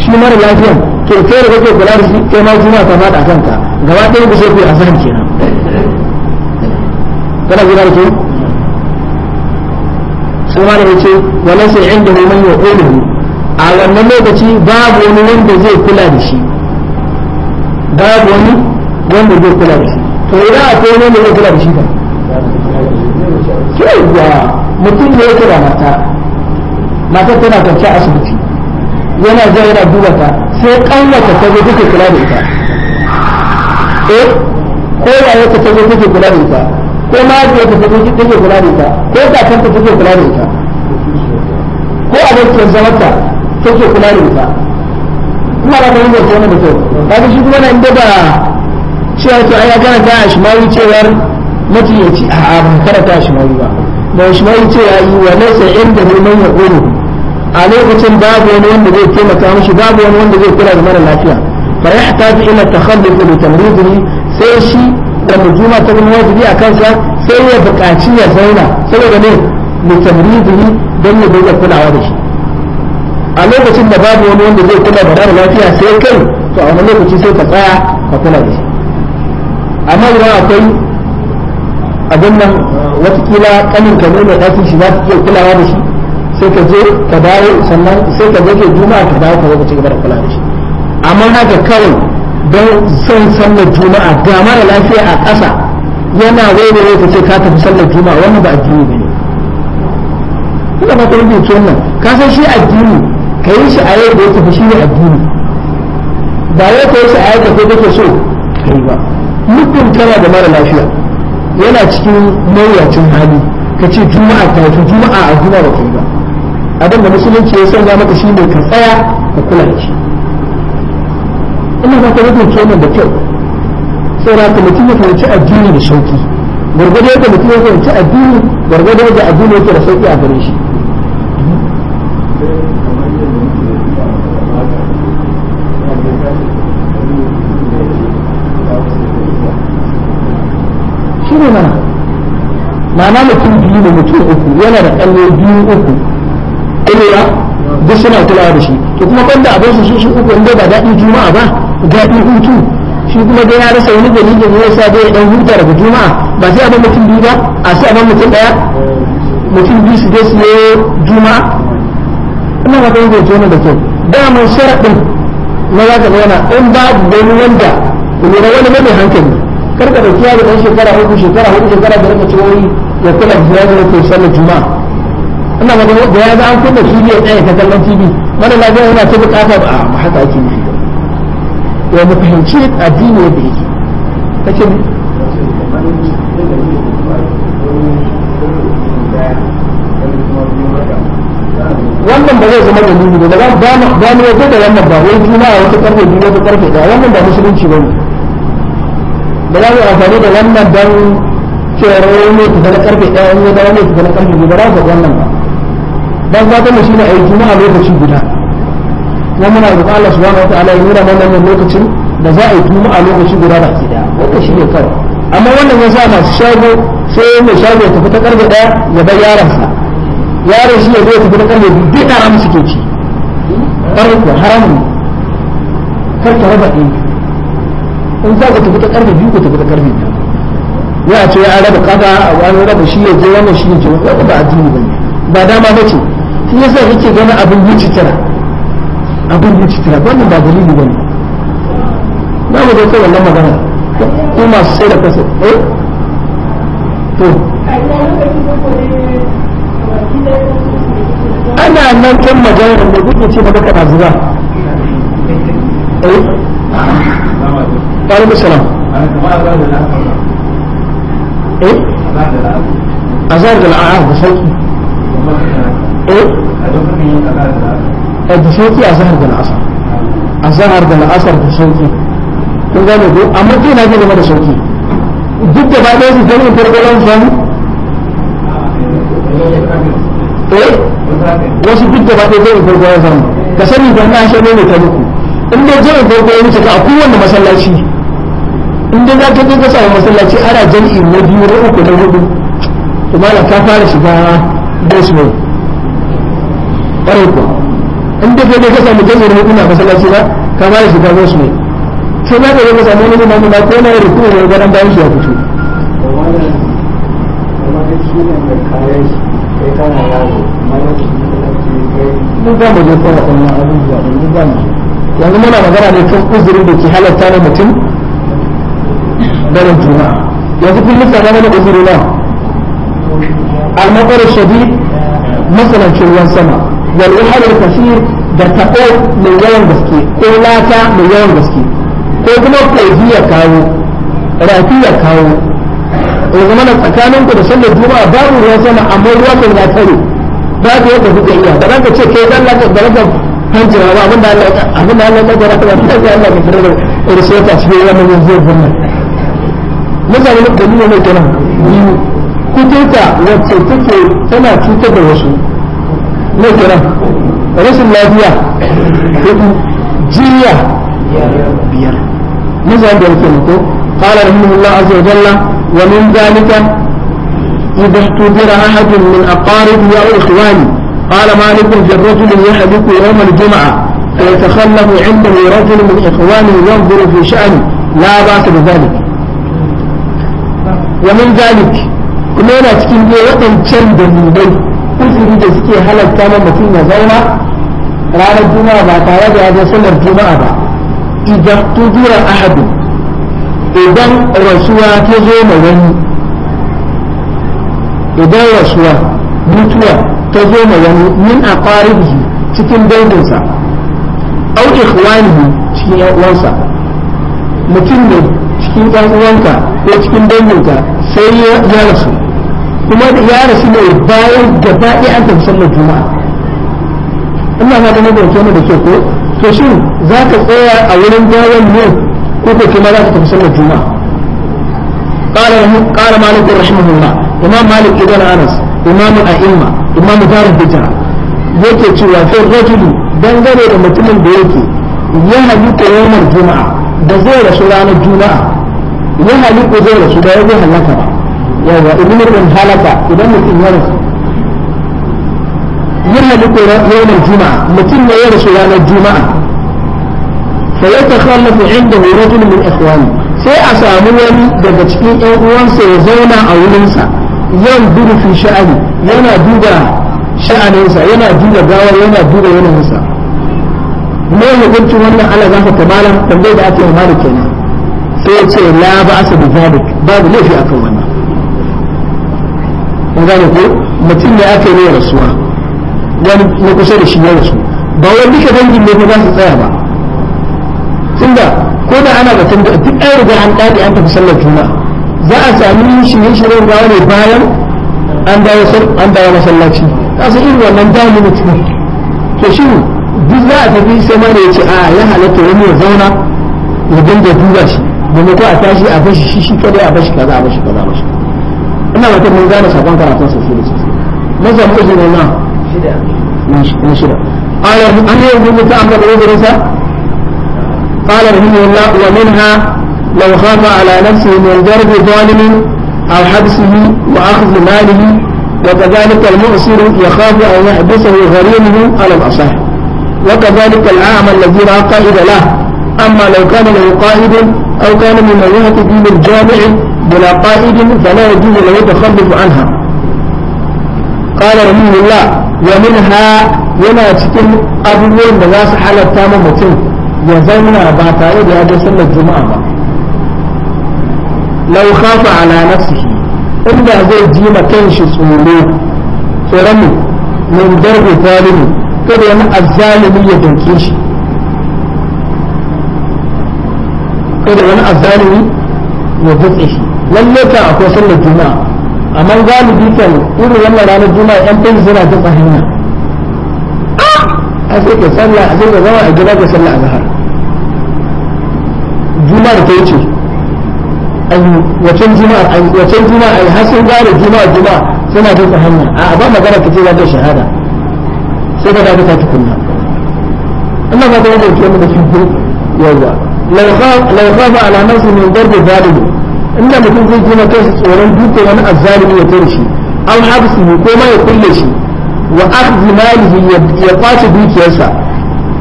shi mara lafiyan to kai da kake kula da shi kai ma juma ta fada a kanka gaba ɗaya ku sai ku a san kenan kana gina da ke sai ma da ce walaysa indahu man yuqilu a wannan lokaci babu wani wanda zai kula da shi babu wani wanda zai kula da shi to idan akwai wani wanda zai kula da shi ba ga mutum ne yake da mata mata tana kwance asibiti yana zai yana duba ta sai kanwata eh? ta zo take kula da ita ko ya waye ta zo take kula da ita ko ma ya ta zo take kula da ita ko ta kanta take kula da ita ko abokin zamanka take kula da ita kuma ba ta yi wata wani mutum kaga shi kuma nan da ba cewa to ai gana ta ashmawi cewar maciyaci a abin karanta ashmawi ba da ashmawi cewa yi wa laisa inda ne man ya a lokacin babu wani wanda zai taimaka mishi babu wani wanda zai kula da mara lafiya fa yahtaju ila takhalluf li tamridihi sai shi da mujuma ta zama wajibi a kansa sai ya buƙaci ya zauna saboda ne mutamridihi don ya dinga kulawa da shi a lokacin da babu wani wanda zai kula da rana lafiya sai kai to a wani lokaci sai ka tsaya ka kula da shi amma idan akwai abin nan watakila kanin ka nuna da ɗakin shi za ka iya kulawa da shi sai ka je ka dawo sannan sai ka je juma'a ka dawo ka zo ka ci gaba da kula da shi amma haka kawai don son sallar juma'a ga mara lafiya a ƙasa yana waiwaye ka ce ka tafi sallar juma'a wannan ba addini ba ne. kuma ba ta rubuta wannan ka san shi addini ka yi shi a yau da yake shi ne addini ba yau ka yi shi a yau da kake so ka yi ba mutum kana da mara lafiya yana cikin mawuyacin hali ka ce juma'a ta wato juma'a a juma'a ba ta yi ba abin da musulunci ya sanya maka shi ne ka tsaya ka kula da shi ina ba ka rubin kenan da kyau saboda ka mutum ya fahimci addini da sauki gwargwado yadda mutum ya fahimci addini gwargwado yadda addini yake da sauki a gare shi ne mana ma'ana mutum biyu da mutum uku yana da kallo biyu uku kulewa duk suna kula da shi to kuma banda abin su sun uku inda ba daɗin juma'a ba daɗin hutu shi kuma dai ya rasa wani da ya sa dai dan huta daga juma'a ba sai abin mutum biyu ba a sai abin mutum ɗaya mutum biyu su je su yi juma'a ina ba ta yi da kyau damar sharaɗin na za ka zauna in babu wani wanda lura wani mai hankali karka da kiyaye dan shekara uku shekara hudu shekara biyar ka ce wai ya kula da jira da kai sallar juma'a ina ga da ya ga an kunna TV ya tsaya ta kallon TV mana lafiya yana ta bukata ba ah, a haka ake nufi ya mu fahimci addini yadda yake kace ne wannan ba zai zama da dalili ba da ba mu yadda da wannan ba wai juma'a wata karfe biyu wata karfe da wannan ba musulunci ba ne ba za mu amfani da wannan dan cewar wani ta na karfe ɗaya wani da wani ta na karfe biyu ba za wannan ba dan fatan mu shine aiki na a lokaci guda kuma muna roƙon Allah subhanahu wataala ya nuna mana wannan lokacin da za a yi tuma a lokaci guda ba ki daya shi shine kawai amma wannan ya sa masu shago sai mai shago ya tafi ta karfe ɗaya ya bar yaransa yaron shi ya zo ya tafi ta karfe biyu duk haram suke ci karfe haramun kar ka raba ɗinka in za ku tafi ta karfe biyu ko tafi ta karfe biyu ya ce ya raba a wani raba shi ya je wannan shi ya je wannan ba addini bane ba dama ce shi sa yake gana abin yi citira abin yi citira wannan ba dalili bane na mu zai wannan magana ko masu sai da kasa eh to ana nan kan magana da duk ce da baka na zuba eh alaikum salam eh azhar da al'af da sauki eh? eh da sauki azhar da da kun gane ko amma kai na gina da sauki duk da ba ɗaya su zama in farko zan eh wasu duk da ba ɗaya in zan ka sani ban na shi ne ta muku in dai zai in farko ya ka a kowanne masallaci in dai za ka je ka samu masallaci ana jami'i na biyu na uku na hudu to malam ka fara shiga basement ƙwarai ko in dai kai ka samu jami'i na hudu na masallaci ba ka fara shiga basement sai za ka je ka samu wani imamu na ko na yare ko na garan bayan shi ya fito mun ba mu je kowa ɗan abubuwa mun ba mu yanzu muna magana ne kan uzurin da ke halatta na mutum daren juma'a yanzu kun lissa mana uzuri na al-maqar shadid masalan ruwan sama wal ihar kafir da tabo mai yawan gaske ko lata mai yawan gaske ko kuma kogi ya kawo rafi ya kawo ya zama tsakaninku tsakanin ku da sallar juma'a babu ruwan sama amma ruwa kan ya tare ba ka yadda kuka iya da ranka ce kai dan laka da ranka hanjira ba abinda Allah abinda Allah ya kaddara ka ba ta Allah ya kaddara ka da sai ta cikin wannan yanzu wannan mutane da nuna mai kenan biyu kuturta wacce take tana cutar da wasu mai kenan rashin lafiya hudu jiya biyar da قال رحمه الله عز وجل ومن ذلك إذا احتضر أحد من أقاربه أو إخواني قال مالك للرجل يحدث يوم الجمعة فيتخلف عنده رجل من إخوانه ينظر في شأنه لا بأس بذلك wa min zalik kuma cikin dai waɗancan dalilai uzuri da suke halarta a mutum ya zauna ranar juma'a ba tare da ya sallar juma'a ba idan tujura ahadu idan rasuwa ta zo ma wani idan rasuwa mutuwa ta zo ma wani min aqaribihi cikin danginsa mutum ne cikin ɗan uwanka ko cikin danginka sai ya rasu kuma da ya rasu ne bayan gaba ɗaya an tafi sallar juma'a ina na da nan mu da ke ko to shin za ka tsaya a wurin gawan ne ko ko kuma za ka tafi sallar juma'a قال قال مالك رحمه الله إمام مالك ابن أنس إمام الأئمة إمام دار الهجرة yake cewa sai rajulu dangane da mutumin da yake ya halitta yawmar juma'a da zai rasu ranar juma'a ya haliku zai rasu da ya zai halaka ba yawa idan mutum halaka idan mutum ya rasu ya haliku ranar juma'a mutum ne ya rasu ranar juma'a fa ya takhallafu inda rajul min ikhwani sai a samu wani daga cikin ƴan uwansa ya zauna a wurinsa yan durufi sha'ani yana duba sha'aninsa yana duba gawar yana duba yanayinsa me hukuncin wannan ala za ka kamala tambayar da ake malik kenan sai ya ce la ba babu laifi akan wannan kun gane ko mutum ne aka yi rasuwa wani na kusa da shi ya rasu ba wani duka dangin ne ba su tsaya ba tunda ko da ana batun da duk an riga an dade an tafi sallar juma'a za a sami shirye gawa ne bayan an dawo masallaci kasu irin wannan damu mutum to duk za a tafi sai ma ya ce a ya halatta wani ya zauna ya dinga duba shi domin ko a tashi a bashi shi shi kadai a bashi kaza a bashi kaza a bashi ina wata mun gane sabon karatun sosai da sosai maza mu ne na shida na shida قال أن يقول تعمل بغير قال رحمه الله ومنها لو خاف على نفسه من ضرب ظالم أو حبسه وأخذ ماله وكذلك المؤسر يخاف أن يحبسه غريمه على الأصح وكذلك الأعمى الذي لا قائد له أما لو كان له قائد أو كان من في الجامع بلا قائد فلا يجوز له التخلف عنها قال رحمه الله ومنها وما تكن أبوين بلاس حالة تامة متين يزمنا بعتائد هذا سنة الجمعة لو خاف على نفسه إلا زي جيمة كنش سمولو فرمي من درب ثالثي kada wani azzalimi ya doke shi kada wani azzalimi ya dutse shi lalle kan akwai sallar juma'a amma galibi kan irin wannan ranar juma'a yan bin suna ta hanya a sai ka sallah a sai ka zama a gida ka sallah a zahar juma'ar ta wuce wacan juma'a, wacan juma'ar har sun gane juma'ar juma'a suna dutse hanya a ba magana ka ce za ta shahada sai ka dakata tukunna ina ba ta wanda ke mu da shi ko yawa law khafa ala su min darbi zalim inda mutum zai ji mata su tsoron duka wani azzalimi ya tare shi aw habsu ko ma ya kulle shi wa akhdhi malihi ya kwace dukiyarsa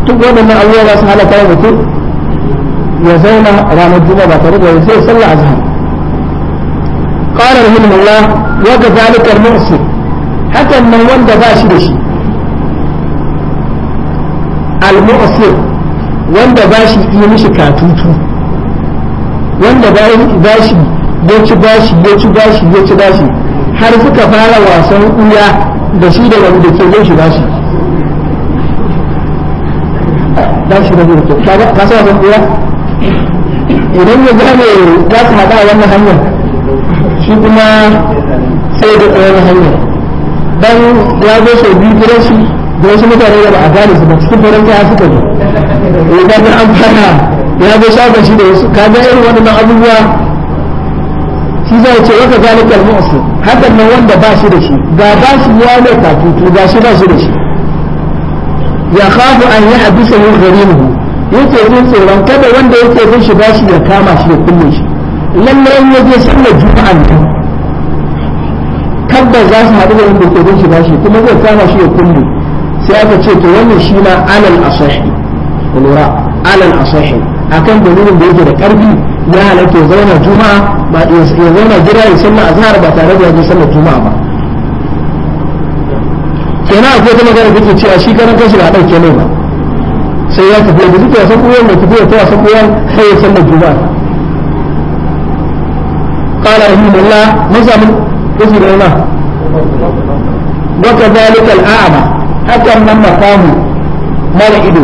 duk waɗannan abubuwa ba su halaka mutum ya zauna ranar juma ba tare da sai sallah azhar قال رحمه الله وكذلك المعسر حتى من وند باشي دشي al-mu'sir wanda bashi yi mishi katutu wanda bashi ya ci bashi ya ci bashi ya bashi har suka fara wasan uya da shi da wani da ke yin shi bashi shi da gudu ka sa idan ya gane su haɗa wannan hanyar shi kuma sai da tsawon hanyar dan ya zo sau biyu gidan shi da wasu mutane da ba a gane su ba cikin farin ya suka yi ya eh, ga an fara ya zo shafa shi da wasu ga irin waɗannan abubuwa shi za ya ce waka zalika a su hakan nan wanda ba shi da shi ga ba shi ya ne katutu ga shi ba shi da shi ya khafu an yi gari min mu yake jin tsoron kada wanda yake jin shi shi ya kama shi ya kulle shi lallai ya je sallar juma'a ne tabbas za su haɗu da wanda yake jin shi shi kuma zai kama shi ya kulle sai aka ce to wannan shi ma alal asahi lura alal asahi akan dalilin da yake da karfi ya halatta ya zauna juma'a ba ya zauna gida ya sallah azhar ba tare da ya je sallar juma'a ba kenan akwai ta magana da cewa shi karan kanshi ba dauke ne ba sai ya tafi da duk ya san uwan da tafi ya tawa san uwan sai ya sallar juma'a qala rahimullah mun samu kashi da yana وكذلك الأعمى hakan nan makamu mara ido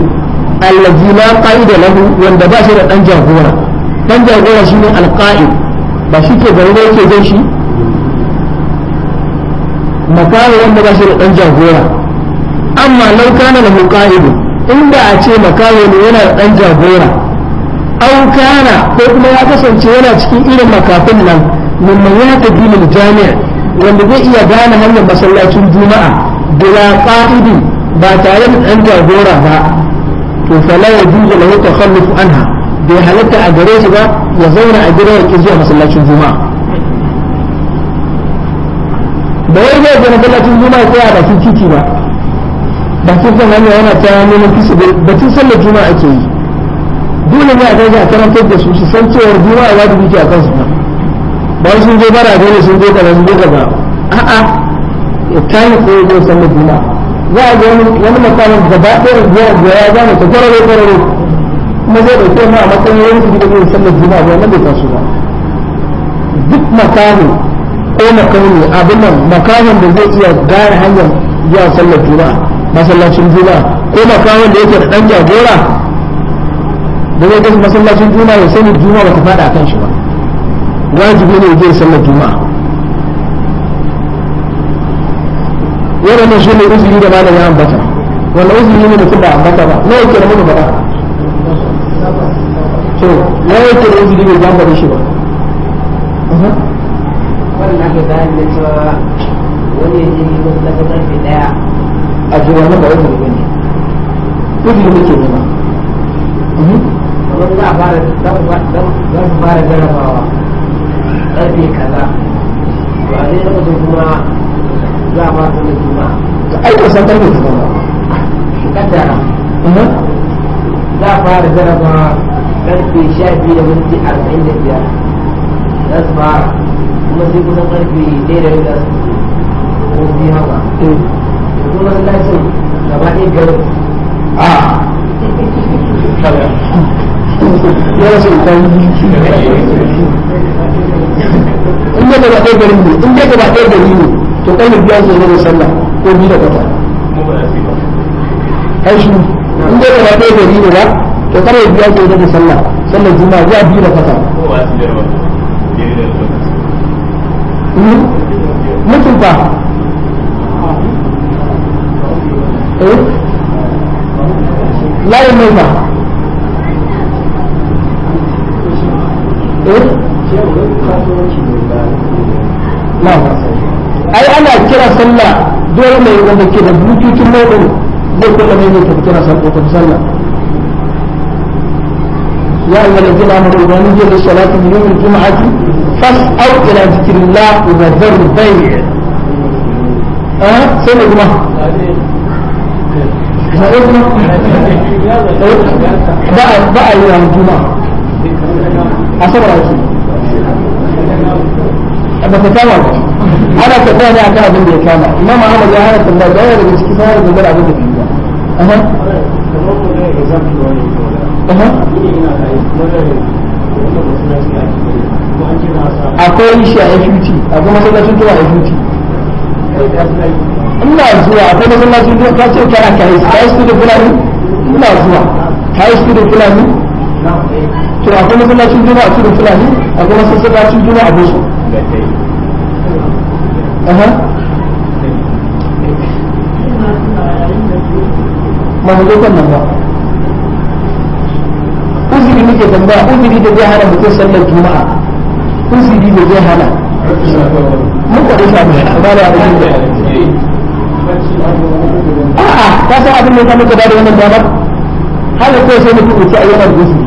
allazi la qaida lahu wanda ba shi da dan jagora dan jagora shine alqaid ba shi ke gare yake jan shi makamu wanda ba shi da dan jagora amma law kana lahu qaid inda a ce makamu ne yana da dan jagora aw kana ko kuma ya kasance yana cikin irin makafin nan mimman ya tabi jami'a wanda zai iya gane hanyar masallacin juma'a bila qa'idi ba tare da ɗan jagora ba to fala ya juzu lahu takhalluf anha bai halatta a gare shi ba ya zauna a gidan ya zuwa masallacin juma'a ba wai zai ga masallacin juma'a ko a bakin titi ba bakin kan hanya yana ta neman fisi batun sallar juma'a ake yi dole ne a gaji a karantar da su su san cewa juma'a wajibi ke a kansu ba ba sun je bara dole sun je kaza sun je kaza a'a ya tayi ko ya sallar juma'a za a ga wani makamin gaba ɗaya biyar biyar ya gane ta kwararo kwararo kuma zai ɗauke ma a matsayin wani su gida yin sallar juma'a ba wannan bai taso ba duk makamin ko makamin abin nan makamin da zai iya gane hanyar zuwa sallar juna masallacin juna ko makamin da yake da ɗan jagora da zai gasa masallacin juna ya sani juna ba ta faɗa a kan shi ba wajibi ne ya je sallar juma'a wannan shi ne uzuri da malamin ya bata wanda uzuri ne mutum ba bata ba na yake da mutu ba to na yake da uzuri bai zamba da shi ba a ji wannan ba uzuri ba ne uzuri nema za fara su fara jarabawa ƙarfe kaza ba zai kuma dama su ne juma ta aika san karfe ta zama za a fara jaraba karfe sha biyu da minti arba'in da biyar za su fara kuma sai kusan karfe ɗaya da rika su ko biyu haka eh. kuma masallacin gaba ɗaya garin a sun in da gaba ɗaya gari ne in da gaba ɗaya gari ne to kai ne biya zai zai sallah ko bi da kwata ai shi in dai ba ɗaya gari ne ba to kare biya zai zai sallah sallar juma'a ya bi da kwata hmm? mutum fa eh? layin mai fa eh ai أنا kira sallah dole ne wanda ke da bututun motsin zai kula mai ne ta kira sallah يا أيها الذين آمنوا إذا نجي للصلاة من يوم الجمعة فاسأل إلى ذكر الله وذروا البيع. أه؟ سنة جماعة. بقى بقى يا الجمعة. أصبر على الجمعة. أبقى تتابع ana tafiya ne akan abin da ya kama imam ahmad ya hana tambaya da yawa daga ciki sai hana tambaya abin da ke yi akwai shi a FUT akwai masallacin tuwa a FUT ina zuwa akwai masallacin tuwa ta ce kana su da fulani ina zuwa su da fulani to akwai masallacin tuwa a su da fulani akwai masallacin tuwa a bosu ba mu zo nan ba uzuri muke tambaya uzuri da zai hana mutum sallar juma'a uzuri da zai hana mun kwaɗi samu ba da abin da a'a ka san abin da ya muka da wannan damar haka ko sai mutum uci ayyukan gusu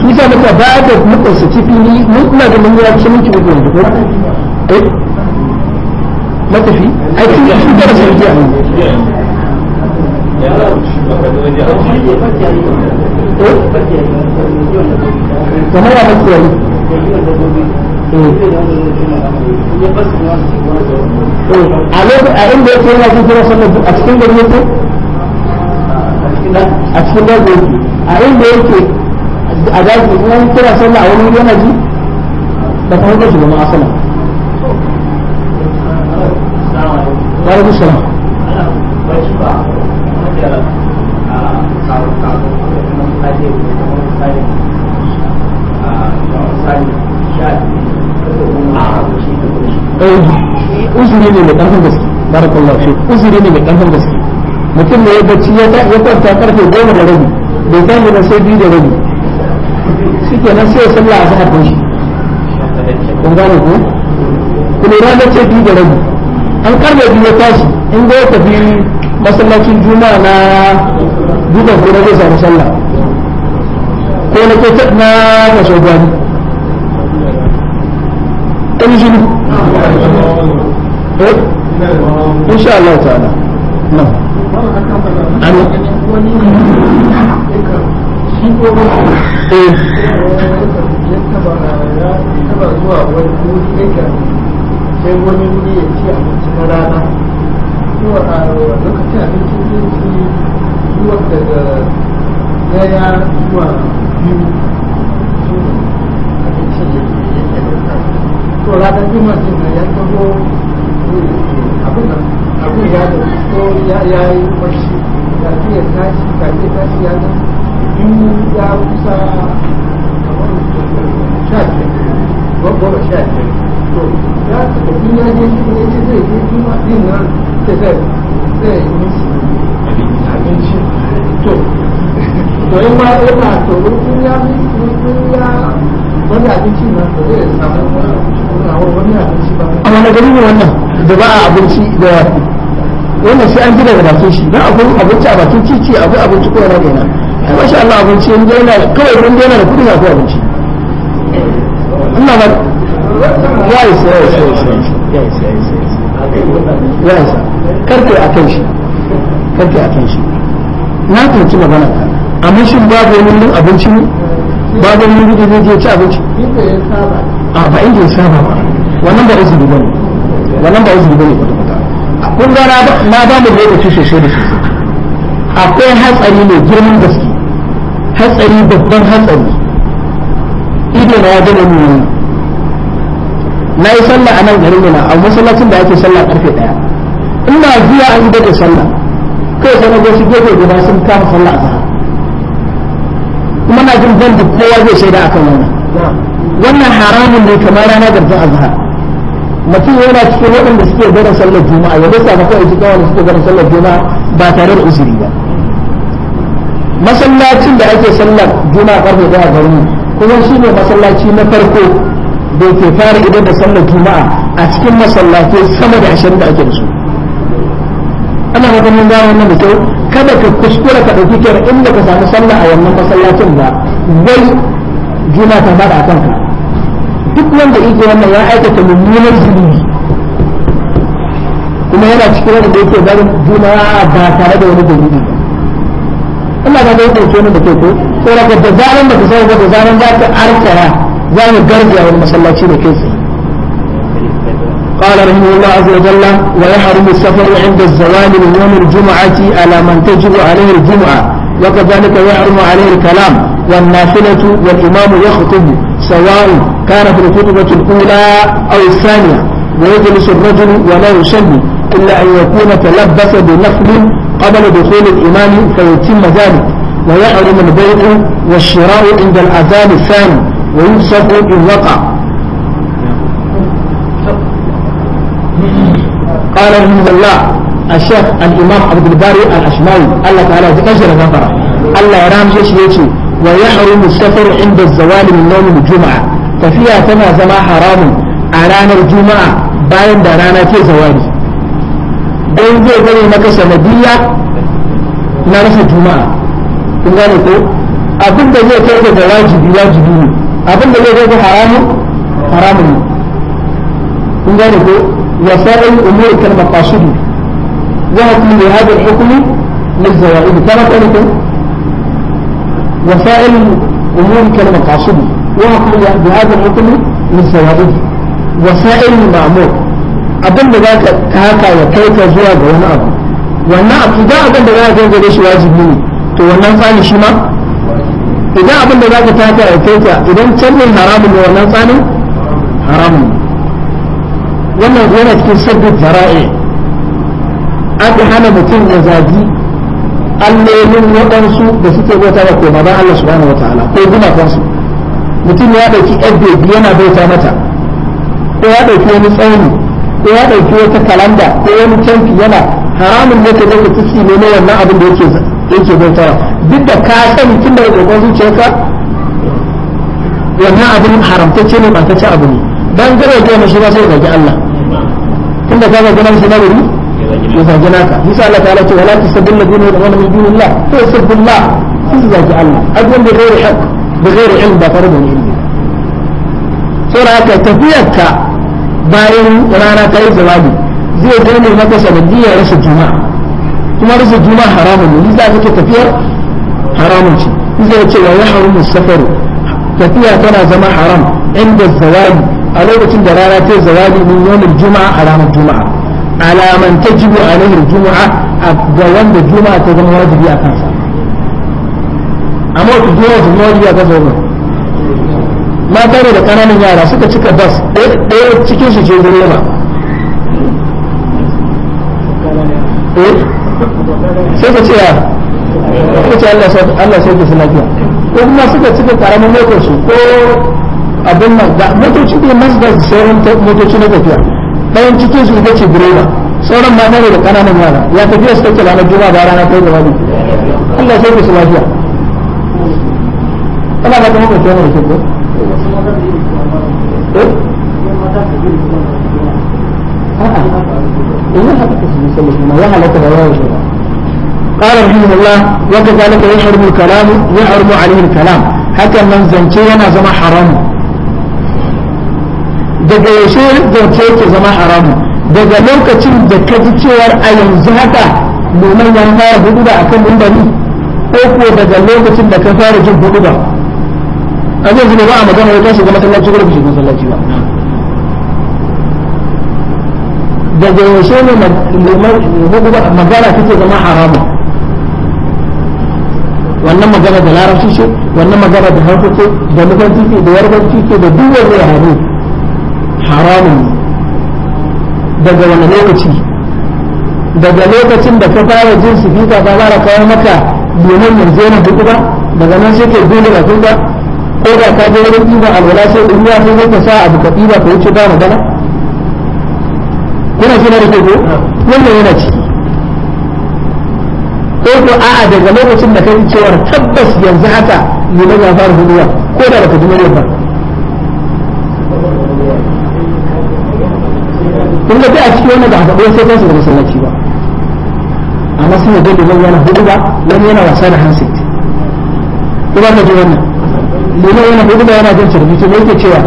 shi sa muka ba da muka su cikin ni mun kuma da mun yi cikin cikin gusu eh matafi ai cikin cikin kira sallar a cikin gari yake a inda yake a kuma kira a wani ji ba ta hanyar shi ba wa alaikum salam eh, uzuri ne mai gaske ne mai gaske mutum ne ya bacci ya kwanta goma da rabi bai sai biyu da rabi nan sai ya a zahar shi kun gane kuma biyu da rabi an karya biyu tashi in da ya tafi masallacin juma'a na dukkan kuma zai samu sallah ko na ke na kaso gani ɗan jini eh? in sha Allah ta'ala na an eh sai wani ne ya ci abinci na rana zuwa a lokacin abincin zai ci zuwa daga daya zuwa biyu abincin da ke yake da kai to ranar juma din nan ya taho abin ya da ko ya ya yi barci ya ce ya tashi ka ce tashi ya da biyu ya kusa kamar sha biyar goma sha biyar a wani gari ne wannan da ba a abinci da wannan sai an ji daga bakin shi na akwai abinci a bakin titi akwai abinci ko yana daina ai masha Allah abinci in daina kawai mun daina da kudin akwai abinci Allah ba yes yes yes yes yes yes karkai a kan shi karkai a kan shi na tunci magana amma shin babu wani abinci babu wani gudu zai je ci abinci a ba inda ya saba ba wannan ba izini bane wannan ba izini bane kwata kun ga na ba mu lokaci sosai da sosai akwai hatsari mai girman gaske hatsari babban hatsari ido na ya gane mu na yi sallah a nan garin yana a masallacin da ake sallah karfe daya ina zuwa an da sallah kai sanar da su gefe guda sun kama sallah a zahar kuma na jin ban da kowa zai shaida akan wannan wannan haramun ne kamar rana da a zahar mutum yana cikin waɗanda suke gwada sallar juma'a ya rasa maka a cikin wanda suke gwada sallar juma'a ba tare da uzuri ba masallacin da ake sallar juma'a karfe daya garin kuma shi ne masallaci na farko da ke fara idan da sallar juma'a a cikin masallatai sama da ashirin da ake da su ana maganin gawa wannan da kyau kada ka kuskura ka ɗauki kyar inda ka samu sallah a wannan masallacin ba wai juma'a ta fara a kanka duk wanda yake wannan ya aikata mummunar zunubi kuma yana cikin wanda yake barin juma'a ba tare da wani dalili ba Allah ba zai ɗauke ni da ke ko ko da zaran da ka sauka da zaran za ka arkara za mu garzaya wani masallaci قال رحمه الله عز وجل ويحرم السفر عند الزوال من يوم الجمعة على من تجب عليه الجمعة وكذلك يحرم عليه الكلام والنافلة والإمام يخطب سواء كان في الخطبة الأولى أو الثانية ويجلس الرجل ولا يشد إلا أن يكون تلبس بنفل قبل دخول الإمام فيتم ذلك ويحرم البيع والشراء عند الأذان الثاني وينصف إن وقع قال رحمه الله الشيخ الإمام عبد الباري الأشماوي الله تعالى ذكر غفر الله يرام يشيش ويحرم السفر عند الزوال من يوم الجمعة ففيها تنا زما حرام على الجمعة باين دارانا في زوالي don zai gane maka sanadiyya na rasa juma'a kun gane ko abin da zai kai daga wajibi wajibi ne abin da zai zai haramun haramun ne kun gane ko ya sa'il umur kal maqasidi wa hukum li hadha al hukm lil zawaid kana kana ko wa sa'il umur kal maqasidi wa hukum li hadha al hukm lil zawaid wa sa'il ma'mur abin da zaka taka ya kai ka zuwa ga wani abu wannan abu da abin da zaka kai ga shi wajibi ne to wannan tsani shi ma idan abin da za ka tafi ya kai idan canjin haramun ne wannan tsanin haramun wannan yana cikin sabbin jara'i aka hana mutum ya zagi allolin waɗansu da suke bauta wa koma don Allah subhanahu wa ta'ala ko gumakansu mutum ya ɗauki ɗabbe yana bauta mata ko ya ɗauki wani tsauni ko ya ɗauki wata kalanda ko wani canfi yana haramun ne ka zaka ciki ne na wannan abin da yake bauta duk da ka sani tun daga gogon zuciyarka wannan abin haramtacce ne ɓantacce abu ne dan gare ga mashi ba sai zagi Allah tun da ka zagi na mashi nagari ya zagi naka musa Allah ta'ala ce wala tasabbul ladina yad'una min dunillah fa yasabbullah sai su zagi Allah abin da ghairi haqq da ghairi ilm ba tare da ilmi saboda haka tafiyarka bayan rana ta yi jawabi zai gane maka sanadiyar rashin juma'a kuma rashin juma'a haramun ne za ka tafiyar haramun ce zai ce wa ya haramu safaru tafiya tana zama haram inda zawali a lokacin da rana ta zawali min yawmin juma'a a ranar juma'a alaman a alaihi juma'a ga wanda juma'a ta zama wajibi a kansa amma wata juma'a ta zama wajibi a kansa wannan mata ne da kananan yara suka cika bas ɗaya cikin su ce zai yaba eh? sai ka ce ko ce Allah sai ke su ko kuma suka cika karamin motar su ko abin nan da motoci ne masu da sauran na tafiya cikin su ita ce direba sauran ma ne da ƙananan yara ya tafiya suka ce ranar juma'a ba rana kai gaba Allah sai ke su ana ba ta muka kyau ne ko eh? a'a ina eh, haka ya halatta da قال رحمه الله وكذلك يحرم الكلام يحرم عليه الكلام حتى من زنتي أنا زما حرام daga yaushe zance yake zama haramu daga lokacin da ka ji cewar a yanzu haka domin ya fara hudu da akan mumbari ko ko daga lokacin da ka fara jin hudu ba a zai zuba ba a magana ya tashi ga masallaci ko shi masallaci ba daga yaushe ne magana take zama haramu wannan magana da larabci ce wannan magana da hausa ce da mutanci ce da yarbanci ce da duk wani ya haru haramun daga wani lokaci daga lokacin da ka fara jin su fita ta fara kawo maka domin yanzu yana duk ba daga nan sai ke dole ba duk ba ko da ka je ɗiba a alwala sai in ya sai ka sa abu ka ɗiba ka wuce ba magana kuna shi na da ke ko wannan yana ciki a'a daga lokacin da kai cewar tabbas yanzu haka ne na gafar huduwa ko da baka ji muryar ba kun ga a cikin wannan da aka faɗo sai kansu da masallaci ba amma sun yadda da wani yana ba wani yana wasa da hansit kuma ka ji wannan liman yana huduwa yana jin carbi to me yake cewa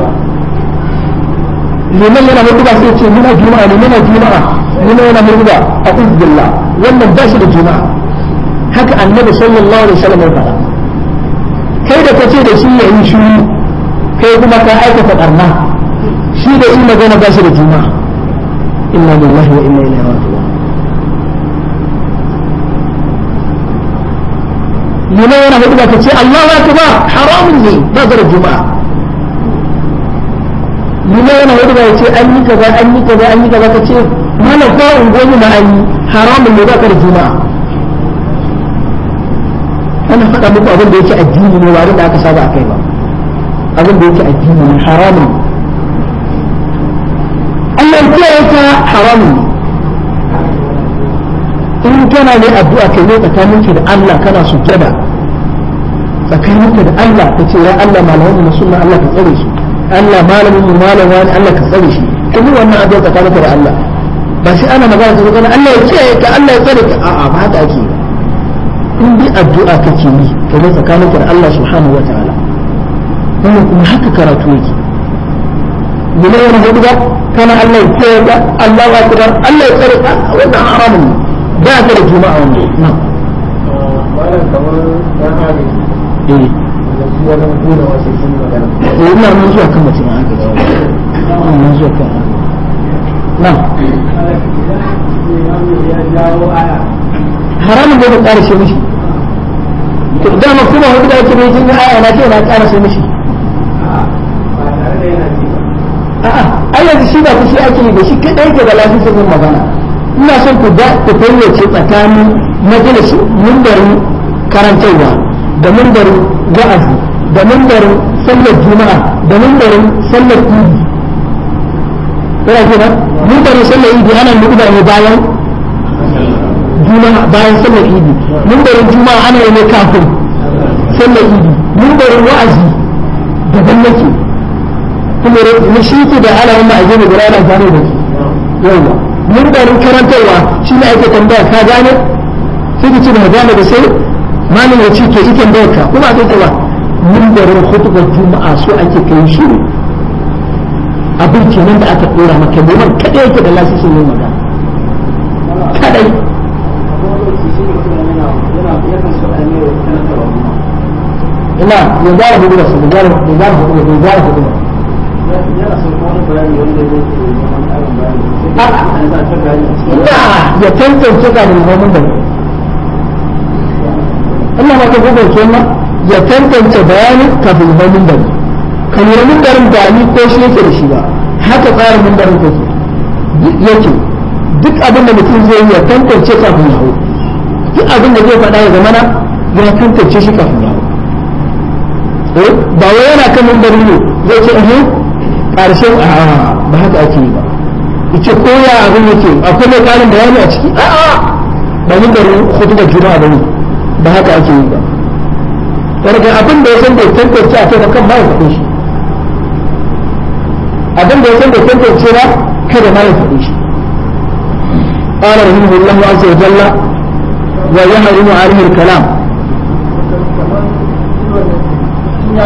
liman yana huduwa sai ce muna juma'a ne muna juma'a liman yana huduwa a uzbillah wannan ba shi da juma'a haka annabi sallallahu alaihi wasallam ya faɗa kai da kace da shi yayi shiru kai kuma ka aikata barna shi da in magana ba shi da juma'a inna lillahi wa inna ilaihi raji'un nuna yana hudu ka ce allah Allahu akbar haramun ne ba zara juma'a nuna yana hudu ba ya ce an yi kaza an yi kaza an yi kaza ka ce mana ko ungomi ma an yi haramun ne ba ka da juma'a ana faɗa muku abin da yake addini ne ba da aka saba a kai ba abin da yake addini ne haramun Allah ya yaka haramun in kana ne addu'a kai ne tsakaninki da Allah kana sujjada tsakaninka da Allah ka ce ya Allah malamin na sunna Allah ka tsare shi Allah malamin mu malam wani Allah ka tsare shi kuma wannan addu'a tsakaninka da Allah ba sai ana magana ta Allah ya ce ka Allah ya tsare ka a'a ba haka ake ba in dai addu'a kake yi to ne tsakanin da Allah subhanahu wa ta'ala wannan kuma haka karatu yake gina yana hudu ba kana Allah ya koyar da Allah ya kudar Allah ya tsare ka wannan haramun ne ba ka da juma'a wanda ya na eh. eh ina mun zuwa kan mutum an gaji ina mun zuwa kan na haramun da ba ƙara shi mishi to dama kuma hudu da yake bai jin aya na ce na ƙara shi mishi a'a ai yanzu shi ba ku ake ake da shi kadai ke da lafiyar yin magana ina son ku ba ku fayyace tsakanin majalis mundarin karantarwa da mundarin wa'azi da mundarin sallar juma'a da mundarin sallar idi kuna ke ba mundarin sallar idi ana nuɗa ne bayan juma'a bayan sallar idi bari juma'a ana yi ne kafin sallar idi bari wa'azi daban nake kuma na shi ke da ala wanda aje da gura da gane da yawa bari karantarwa shi ne ake tambaya ka gane sai ka ce da gane da sai malin ya ce ke yi tambayar ka kuma ake cewa bari hutubar juma'a so ake kai shiru abin kenan da aka dora maka neman kadai yake da lasisin yin magana kadai ina ya zara hudu da su da zara hudu da zara hudu da ah, ya tantance ga limamin da ina ma ta gubar kenan ya tantance bayanin ka limamin da kamar mun garin ba ni ko shi yake da shi ba haka tsarin mun garin take yake duk abin da mutum zai yi ya tantance kafin yawo hau duk abin da zai faɗa ya na ya tantance shi kafin yawo hau eh, ba wai yana kan mambari ne zai ce ahu ƙarshen a ba haka ake yi ba ce ko ya abin yake akwai mai ƙarin bayani a ciki a ba mimbari hudu da juna ba ne ba haka ake yi ba daga abin da ya san bai tantance a kai kan ba ya shi abin da ya san bai tantance ba kada ma ya shi قال رحمه الله عز وجل ويحرم عليه الكلام ya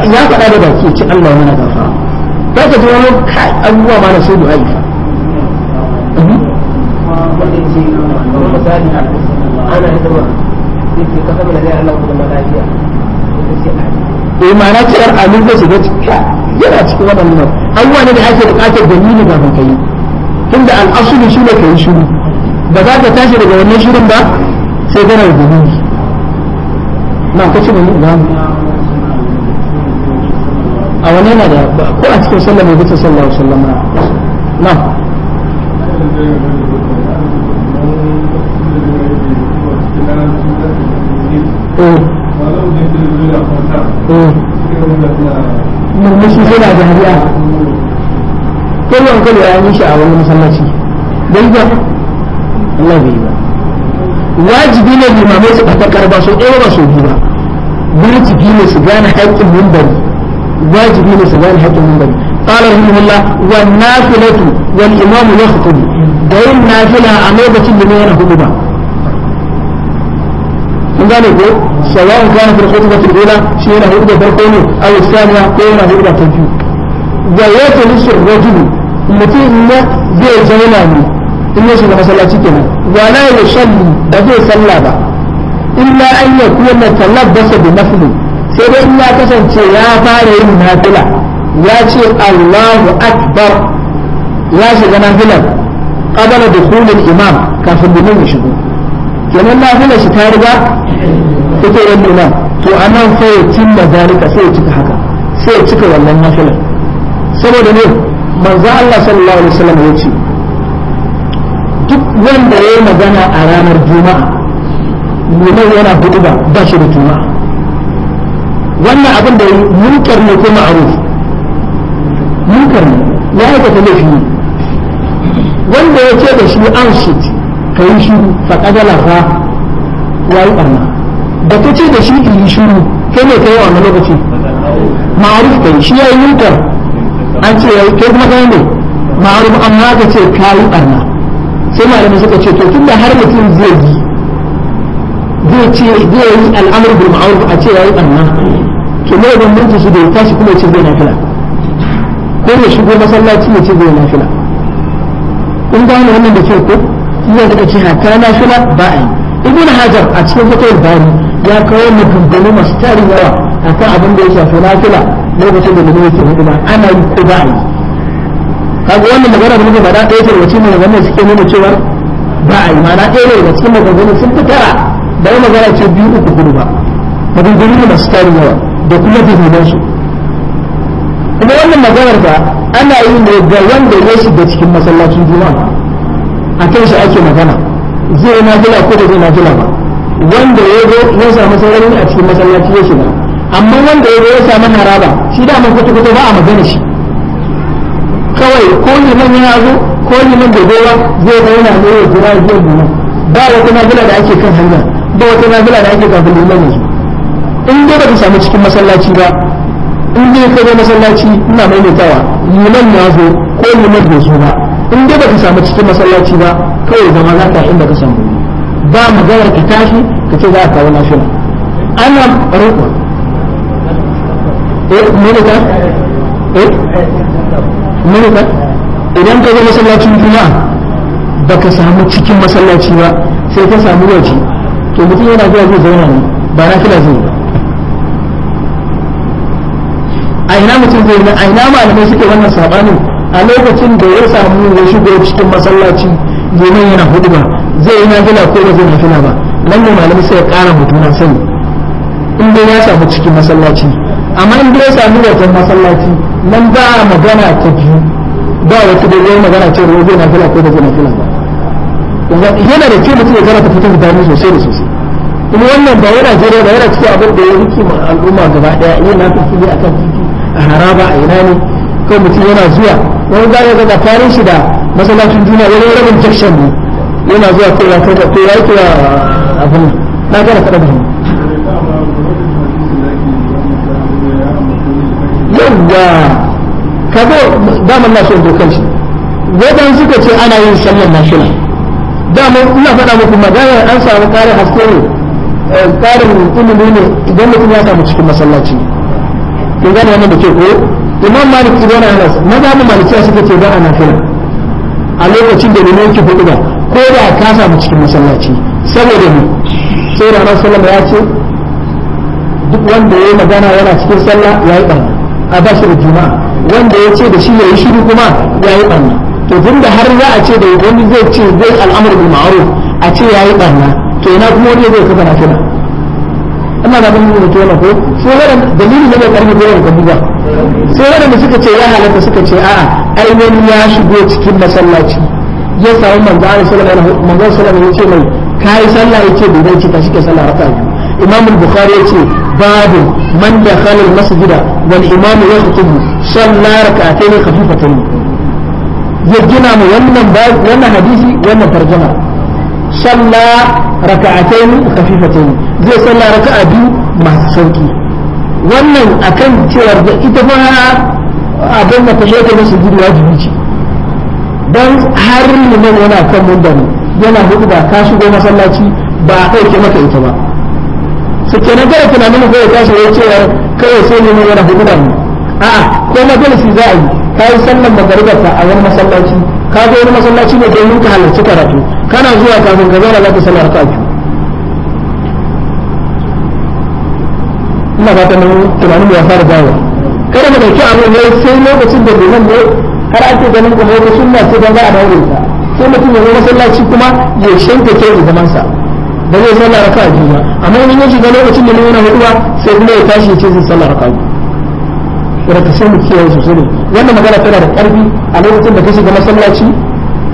faɗa da baki ci Allah yana gafara ba ta ji wani abubuwa ma na sai yi mhm. eh, ma'ana cewar amin shiga yana cikin waɗannan abubuwa ne da ake buƙatar dalili kafin ka yi tunda al'asulu shi ne ka yi shiru ba za ka tashi daga wannan shirin ba sai kana da ba a wani yana da ko a cikin sallah mai bisa sallah sallah na na eh. eh. murmushi suna da hariya kullum kullum ya yi shi a wani masallaci bai ba Allah bai ba wajibi ne limamai su fatakar ba su ɗaya ba su biyu ba wajibi ne su gane haƙƙin mimbari wajibi ne su gane haƙƙin minbari qala rahimahullah wan nafilatu wal imam yakhutub da yin nafila a lokacin da yana hudu ba kun gane ko sawa'un kana fil khutbatil ula shi yana hudu da farko ne aw thaniya ko yana hudu da ta biyu wa yatalisu rajulu mutum ne zai zauna in ya shiga masallaci kenan wala ba zai sallah ba illa an yakuna talabbasa bi sai dai ya kasance ya fara yin nafila ya ce Allahu akbar ya shiga nafilar qabala dukhulil imam kafin limin ya shigo kenan nafilar shi ta riga take yin imam to anan sai ya cimma zalika sai ya cika haka sai ya cika wannan nafilar saboda ne manzo Allah sallallahu alaihi wasallam ya ce duk wanda ya yi magana a ranar juma'a liman yana hudu ba shi da juma'a wannan abin da munkar ne ko ma'ruf munkar ne ya aikata laifi ne wanda ya ce da shi an shi ka yi shiru fa kadala fa ya yi barna da ta ce da shi ki yi shiru kai ne ka yi wannan lokaci ma'ruf kai shi ya yi munkar an ce ya yi kai kuma kai ne ma'ruf amma ka ce ka yi barna sai malamai suka ce to tunda har mutum zai yi zai ce yi al'amur bil ma'ruf a ce yayi anna to ne bambanci su da ya tashi kuma ce zai nafila ko ya shigo masallaci ya ce zai nafila kun gane wannan da ke ko iya da kace haka nafila ba a yi ibn hajar a cikin fatawar bani ya kawo maganganu masu tarin yawa akan abin da ya shafi nafila lokacin da da yake hudu ana yi ko ba a yi kaga wannan magana da muke faɗa ɗaya ce da wacce ne maganar suke nuna cewa ba a yi ma na ɗaya daga cikin maganganun sun fi tara ba ya magana ce biyu uku hudu ba maganganu da masu tarin yawa da kuma fahimansu kuma wannan maganar da ana yi ne ga wanda ya shiga cikin masallacin juma a kan shi ake magana zai na gila ko da zai na gila ba wanda ya zo ya samu sauran a cikin masallaci ya shiga amma wanda ya zo ya samu haraba shi da man kwata-kwata ba a magana shi kawai ko nan ya zo ko liman da gowa zai zauna ne ya jira zuwa ba wata magana da ake kan hanyar. da wata nafila da ake kafin liman yanzu in dai ta samu cikin masallaci ba in dai ka zo masallaci ina maimaitawa liman ya zo ko liman bai zo ba in dai ta samu cikin masallaci ba kawai zama za ka inda ka samu ba maganar ka tashi ka ce za a kawo nafila ana roƙo eh maimaita eh maimaita idan ka zo masallacin juma'a baka samu cikin masallaci ba sai ka samu waje to mutum yana zuwa zai zauna ne ba na kila zai ba a ina mutum zai na a ina malamai suke wannan sabanin a lokacin da ya samu ya shigo cikin masallaci domin yana hudu ba zai yi nafila ko ba zai nafila ba nan ne malamai sai ya kara mutuna sani in dai ya samu cikin masallaci amma in dai ya samu wajen masallaci nan ba magana ta biyu ba wata dogon magana ce ba zai nafila ko ba zai nafila ba yana da ce mutum ya karanta fitar da sosai da sosai kuma wannan ba yana jere ba yana cikin abin da ya rike ma al'umma gaba daya yin na tafi a kan titi a haraba a ina ne kawai mutum yana zuwa wani za ya ga tsakanin shi da masallacin juna wani rabin jakshan ne yana zuwa kai ya kai kai ya kira abin na gara kada da yawwa kaga daman na so dokan shi wadan suka ce ana yin sallar nashila dama ina faɗa muku magana an samu kare haske ne eh, ƙarin ilimi ne idan mutum ya samu cikin masallaci kun gane wannan da ke ko imam malik ibn anas maza mu malikiya suka ce ba ana kira a lokacin da limin ki hudu ba ko da ka samu cikin masallaci saboda ne sai da ranar sallama ya ce duk wanda ya yi magana yana cikin sallah ya yi ɓarna a bashi da juma'a wanda ya ce da shi ya yi shiru kuma ya yi ɓarna to tun da har za a ce da wani zai ce zai al'amur bil ma'ruf a ce yayi barna to ina kuma wani zai kafa nafila ina da mun mutu wannan ko sai wannan dalilin ne da karfi ko da buga sai wannan suka ce ya halatta suka ce a'a ai wani ya shigo cikin masallaci ya samu manzo Allah sallallahu alaihi wasallam manzo sallallahu alaihi wasallam ya ce mai kai sallah yace bai dace ka shike sallah raka'a biyu imam al-bukhari yace babu man dakhala al-masjida wal imam yakhutub ka raka'atayn khafifatayn ya gina mu wannan wannan hadisi wannan tarjuma salla raka'atayn khafifatayn zai salla raka'a biyu masu sauki wannan akan cewa da ita fa abin da ta yake musu gudu wajibi ce dan har liman yana kan ni yana hudu da ka shigo masallaci ba a ɗauke maka ita ba su kenan kada tunanin ko ya tashi ya ce kawai sai liman yana hudu da mu a'a ko majalisi za a yi ka yi sallan da ta a wani masallaci ka zo wani masallaci ne domin ka halarci karatu kana zuwa kafin ka zauna za ka sallar ka biyu ina ba ta nan tunanin ya fara dawo kada mu dauki abu ne sai lokacin da liman ne har ake ganin ko wasu sunna sai dan za a daure ta sai mutum ya zo masallaci kuma ya shanta ke zaman sa ba zai sallar ka biyu ba amma in ya shiga lokacin da liman na hudu ba sai kuma ya tashi ya ce zai sallar ka biyu da ka sai mu kiyaye su sune wannan magana tana da karfi a lokacin da ka shiga masallaci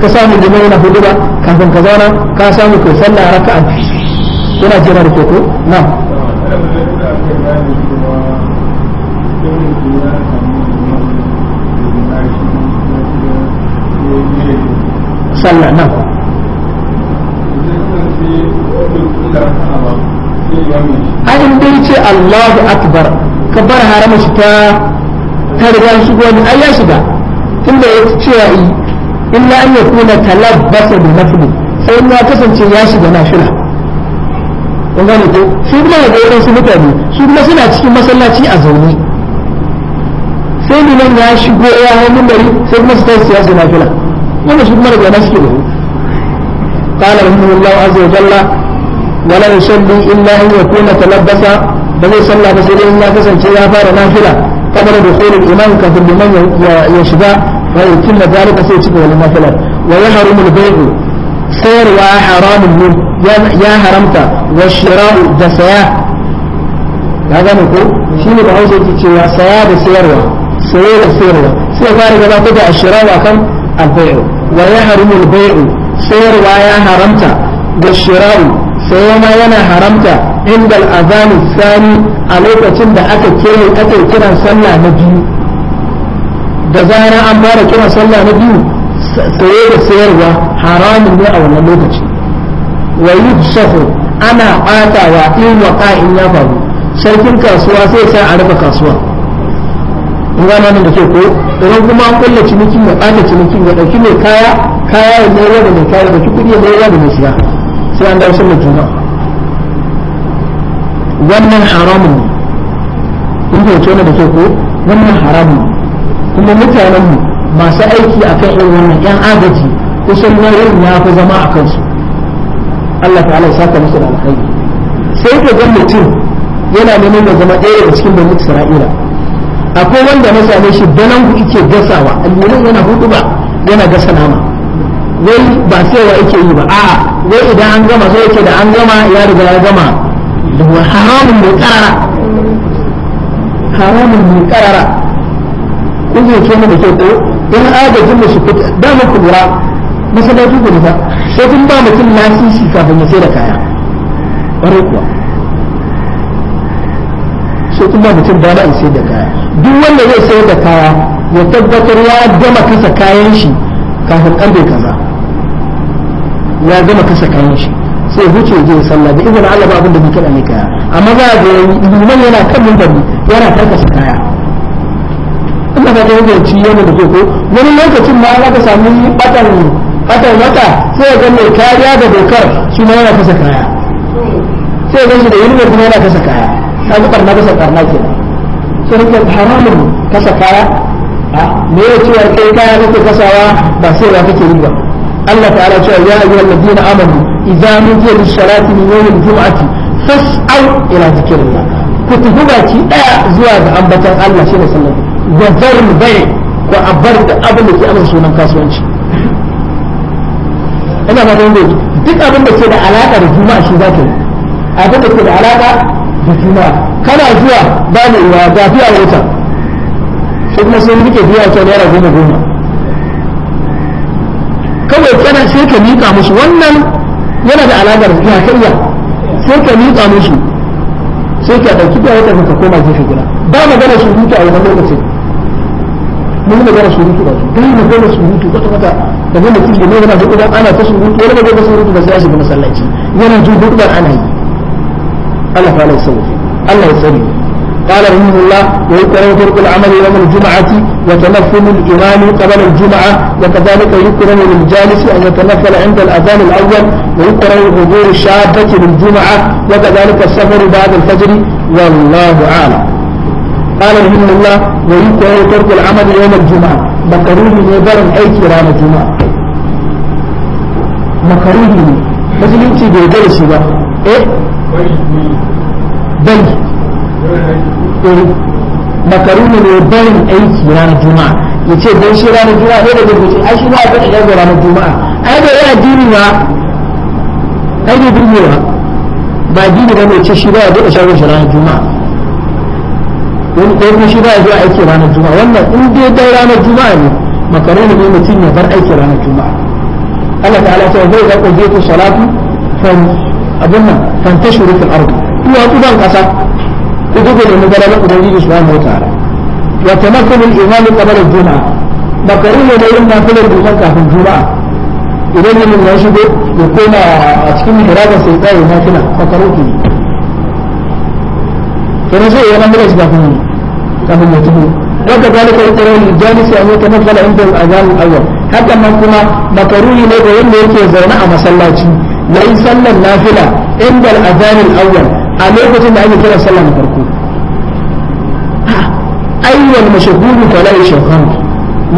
ka samu yana na ba kafin ka zauna ka samu kai sallah raka'a yana jira da koko na sallah na a in dai ce Allahu akbar ka bar haramu ta ta riga shigo ne ai ya shiga tunda ya cewa yi illa an ya kuna talabbasa da nafli sai ya kasance ya shiga na nafila kun gane ko su kuma da gairan su mutane su kuma suna cikin masallaci a zaune sai ni nan ya shigo ya hau mimbari sai kuma su tashi ya shiga nafila wannan su kuma da gairan suke da قال رحمه الله عز وجل ولا يصلي إلا أن يكون تلبس sai يصلى بس kasance ya fara na نافلة قبل دخول الإمام كفر لمن يشبع ويتم ذلك سيتك ولمثلا ويحرم البيع سير وحرام من يا حرمت والشراء دسياء هذا نقول شين بعوزة تتشوى سيا سير سير بسيروا سير فارغ لا تدع الشراء وكم البيع ويحرم البيع سير ويا حرمت والشراء سيما ينا حرمت عند الأذان الثاني a lokacin da aka kira aka kiran sallah na biyu da zara an fara kiran sallah na biyu saye da sayarwa haramun ne a wannan lokaci wayu yushahu ana batawa in ya faru sarkin kasuwa sai sai a rufe kasuwa in nan da ke ko idan kuma an kulle cinikin ya bata cinikin ya dauki mai kaya kaya ya mai da mai kaya da kuɗi ya mai da mai siya sai an dawo sallar juma'a wannan haramun ne kun fahimci wannan da ke ko wannan haramun kuma mutanen mu masu aiki a kan irin wannan yan agaji kusan nauyin ya fi zama a kansu Allah ta'ala ya saka musu da alkhairi sai ka ga mutum yana neman ya zama ɗaya daga cikin bani Isra'ila akwai wanda na same shi danan ku yake gasawa allunan yana hudu ba yana gasa nama wai ba sai wa yake yi ba a'a wai idan an gama sai yake da an gama ya riga ya gama da huwa haramun mai karara haramun mai karara kun zai ce da ke ko in agajin da shi fita da mu kura masallaci ku ba sai kun ba mutum lasisi kafin ya sai da kaya bare kuwa sai kun ba mutum dama in sai da kaya duk wanda zai sai da kaya ya tabbatar ya gama kasa kayan shi kafin ƙarfe kaza ya gama kasa kayan shi sai huce je sallah da idan Allah ba abin da bai kada mai kaya amma za ga liman yana kan mimbari yana karkasa kaya Allah ba ta yi gaici yana da koko wani lokacin ma za ka samu batan batan wata sai ga mai kariya da dokar shi ma yana kasa kaya sai ga shi da yunwa kuma yana kasa kaya ta ga barna kasa barna ke sai ga haramun kasa kaya me ya ce kai kaya kake kasawa ba sai ba kake yi ba الله تعالى قال يا أيها الذين آمنوا إذا نودي للصلاة من يوم الجمعة فاسعوا إلى ذكر الله كنت هنا كي زواج عن بطن الله صلى الله عليه وسلم وذر البيع وعبر أبن في أمر سونا كاسوانشي ina ba don gobe duk abin da ke علاقة alaka شو ذاك shi zaka yi abin da ke da alaka da juma'a kana zuwa ba mai wa gafiya wuta shi sai ka miƙa musu wannan yana da alaƙar zakariya sai ka miƙa musu sai ka ɗauki da wata ka koma gefe guda ba magana surutu a wannan lokacin mun magana surutu ba ba magana surutu kwata kwata da wani mutum da yana da kudan ana ta surutu wani magana surutu ba sai ya shiga masallaci yana jin hudubar ana yi Allah ta Allah ya sauke Allah ya tsare قال رحمه الله ويكره ترك العمل يوم الجمعة وتنفل الإمام قبل الجمعة وكذلك يكره للجالس أن يتنفل عند الأذان الأول ويكره حضور الشابة للجمعة وكذلك السفر بعد الفجر والله أعلم قال رحمه الله ويكره ترك العمل يوم الجمعة مكروه نظر أي كرام الجمعة مكروه ne musulunci bai gare shi ba eh bal makaruni ne barin aiki ranar juma'a ya ce don shi ranar juma'a ne da zai wuce ai shi ba a ya zo ranar juma'a ai da yana dini ba ai da dini ba ba dini ba mai ce shi ba ya buɗe shagon shi ranar juma'a wani ko shi ba ya zuwa aiki ranar juma'a wannan in dai dan ranar juma'a ne makaruni ne mutum ya bar aiki ranar juma'a Allah ta'ala ta zai ga ko salatu kan abun nan fantashiru fil ardi ku ya ku ban kasa ku duka ne magana ubangiji subhanahu wataala wa tamakkul al-imam qabla al-jum'a makarune ne irin nafilar dukan kafin juma'a idan ne mun shigo ya koma a cikin mihraba sai tsaye na kina makaruki kuma sai ya nan shi kafin kafin mutum wanda galika ya tsare ni jalisi an yata mafala inda azan al-awwal haka nan kuma makaruni ne ga wanda yake zaune a masallaci yayin sallar nafila inda azan al-awwal a lokacin da ake kira sallar والمشهور فلا يشهر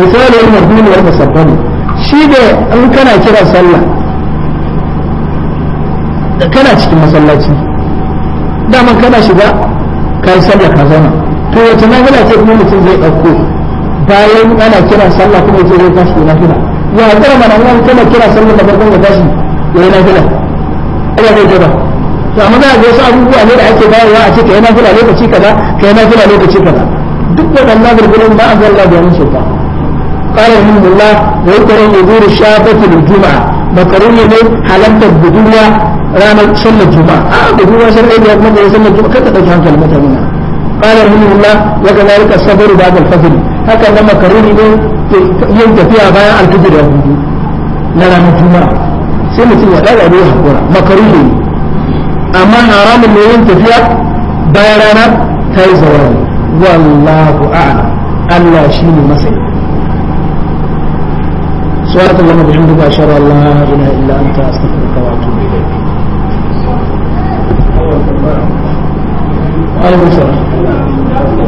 مثال المهدون والمسبب شيء أن كان كرا صلى كان cikin masallaci dama kana shiga kai sallah ka zama. to wace gina ce kuma mutum zai dauko bayan ana kira sallah kuma ce zai tashi na nafila ya tsara mana an kana kira sallah da farkon ya tashi yayi nafila ina zai gaba to amma za a ga wasu abubuwa ne da ake bayarwa a ce ka yi nafila lokaci kaza ka yi nafila lokaci kaza duk da waɗannan gurgurin ba a zalla da wani sultan قال رحمه الله ويكره حضور الشافة للجمعة مكروه ne حلمت بدنيا ranar sallar juma'a a da kuma san ɗaya da da sallar juma'a kada dauki hankali mutane na qala rahimahullah wa kadhalika sabr ba'da al-fajr haka nan makaruni ne yin tafiya bayan al-fajr ya gudu na ranar juma'a sai mutum ya daga ne hakura makaruni ne amma haramun ne yin tafiya bayan rana ta yi zawari والله أعلم ألا شيء مسعي سبحانك اللهم وبحمدك أشهد أن لا إله إلا أنت أستغفرك وأتوب إليك وعليكم السلام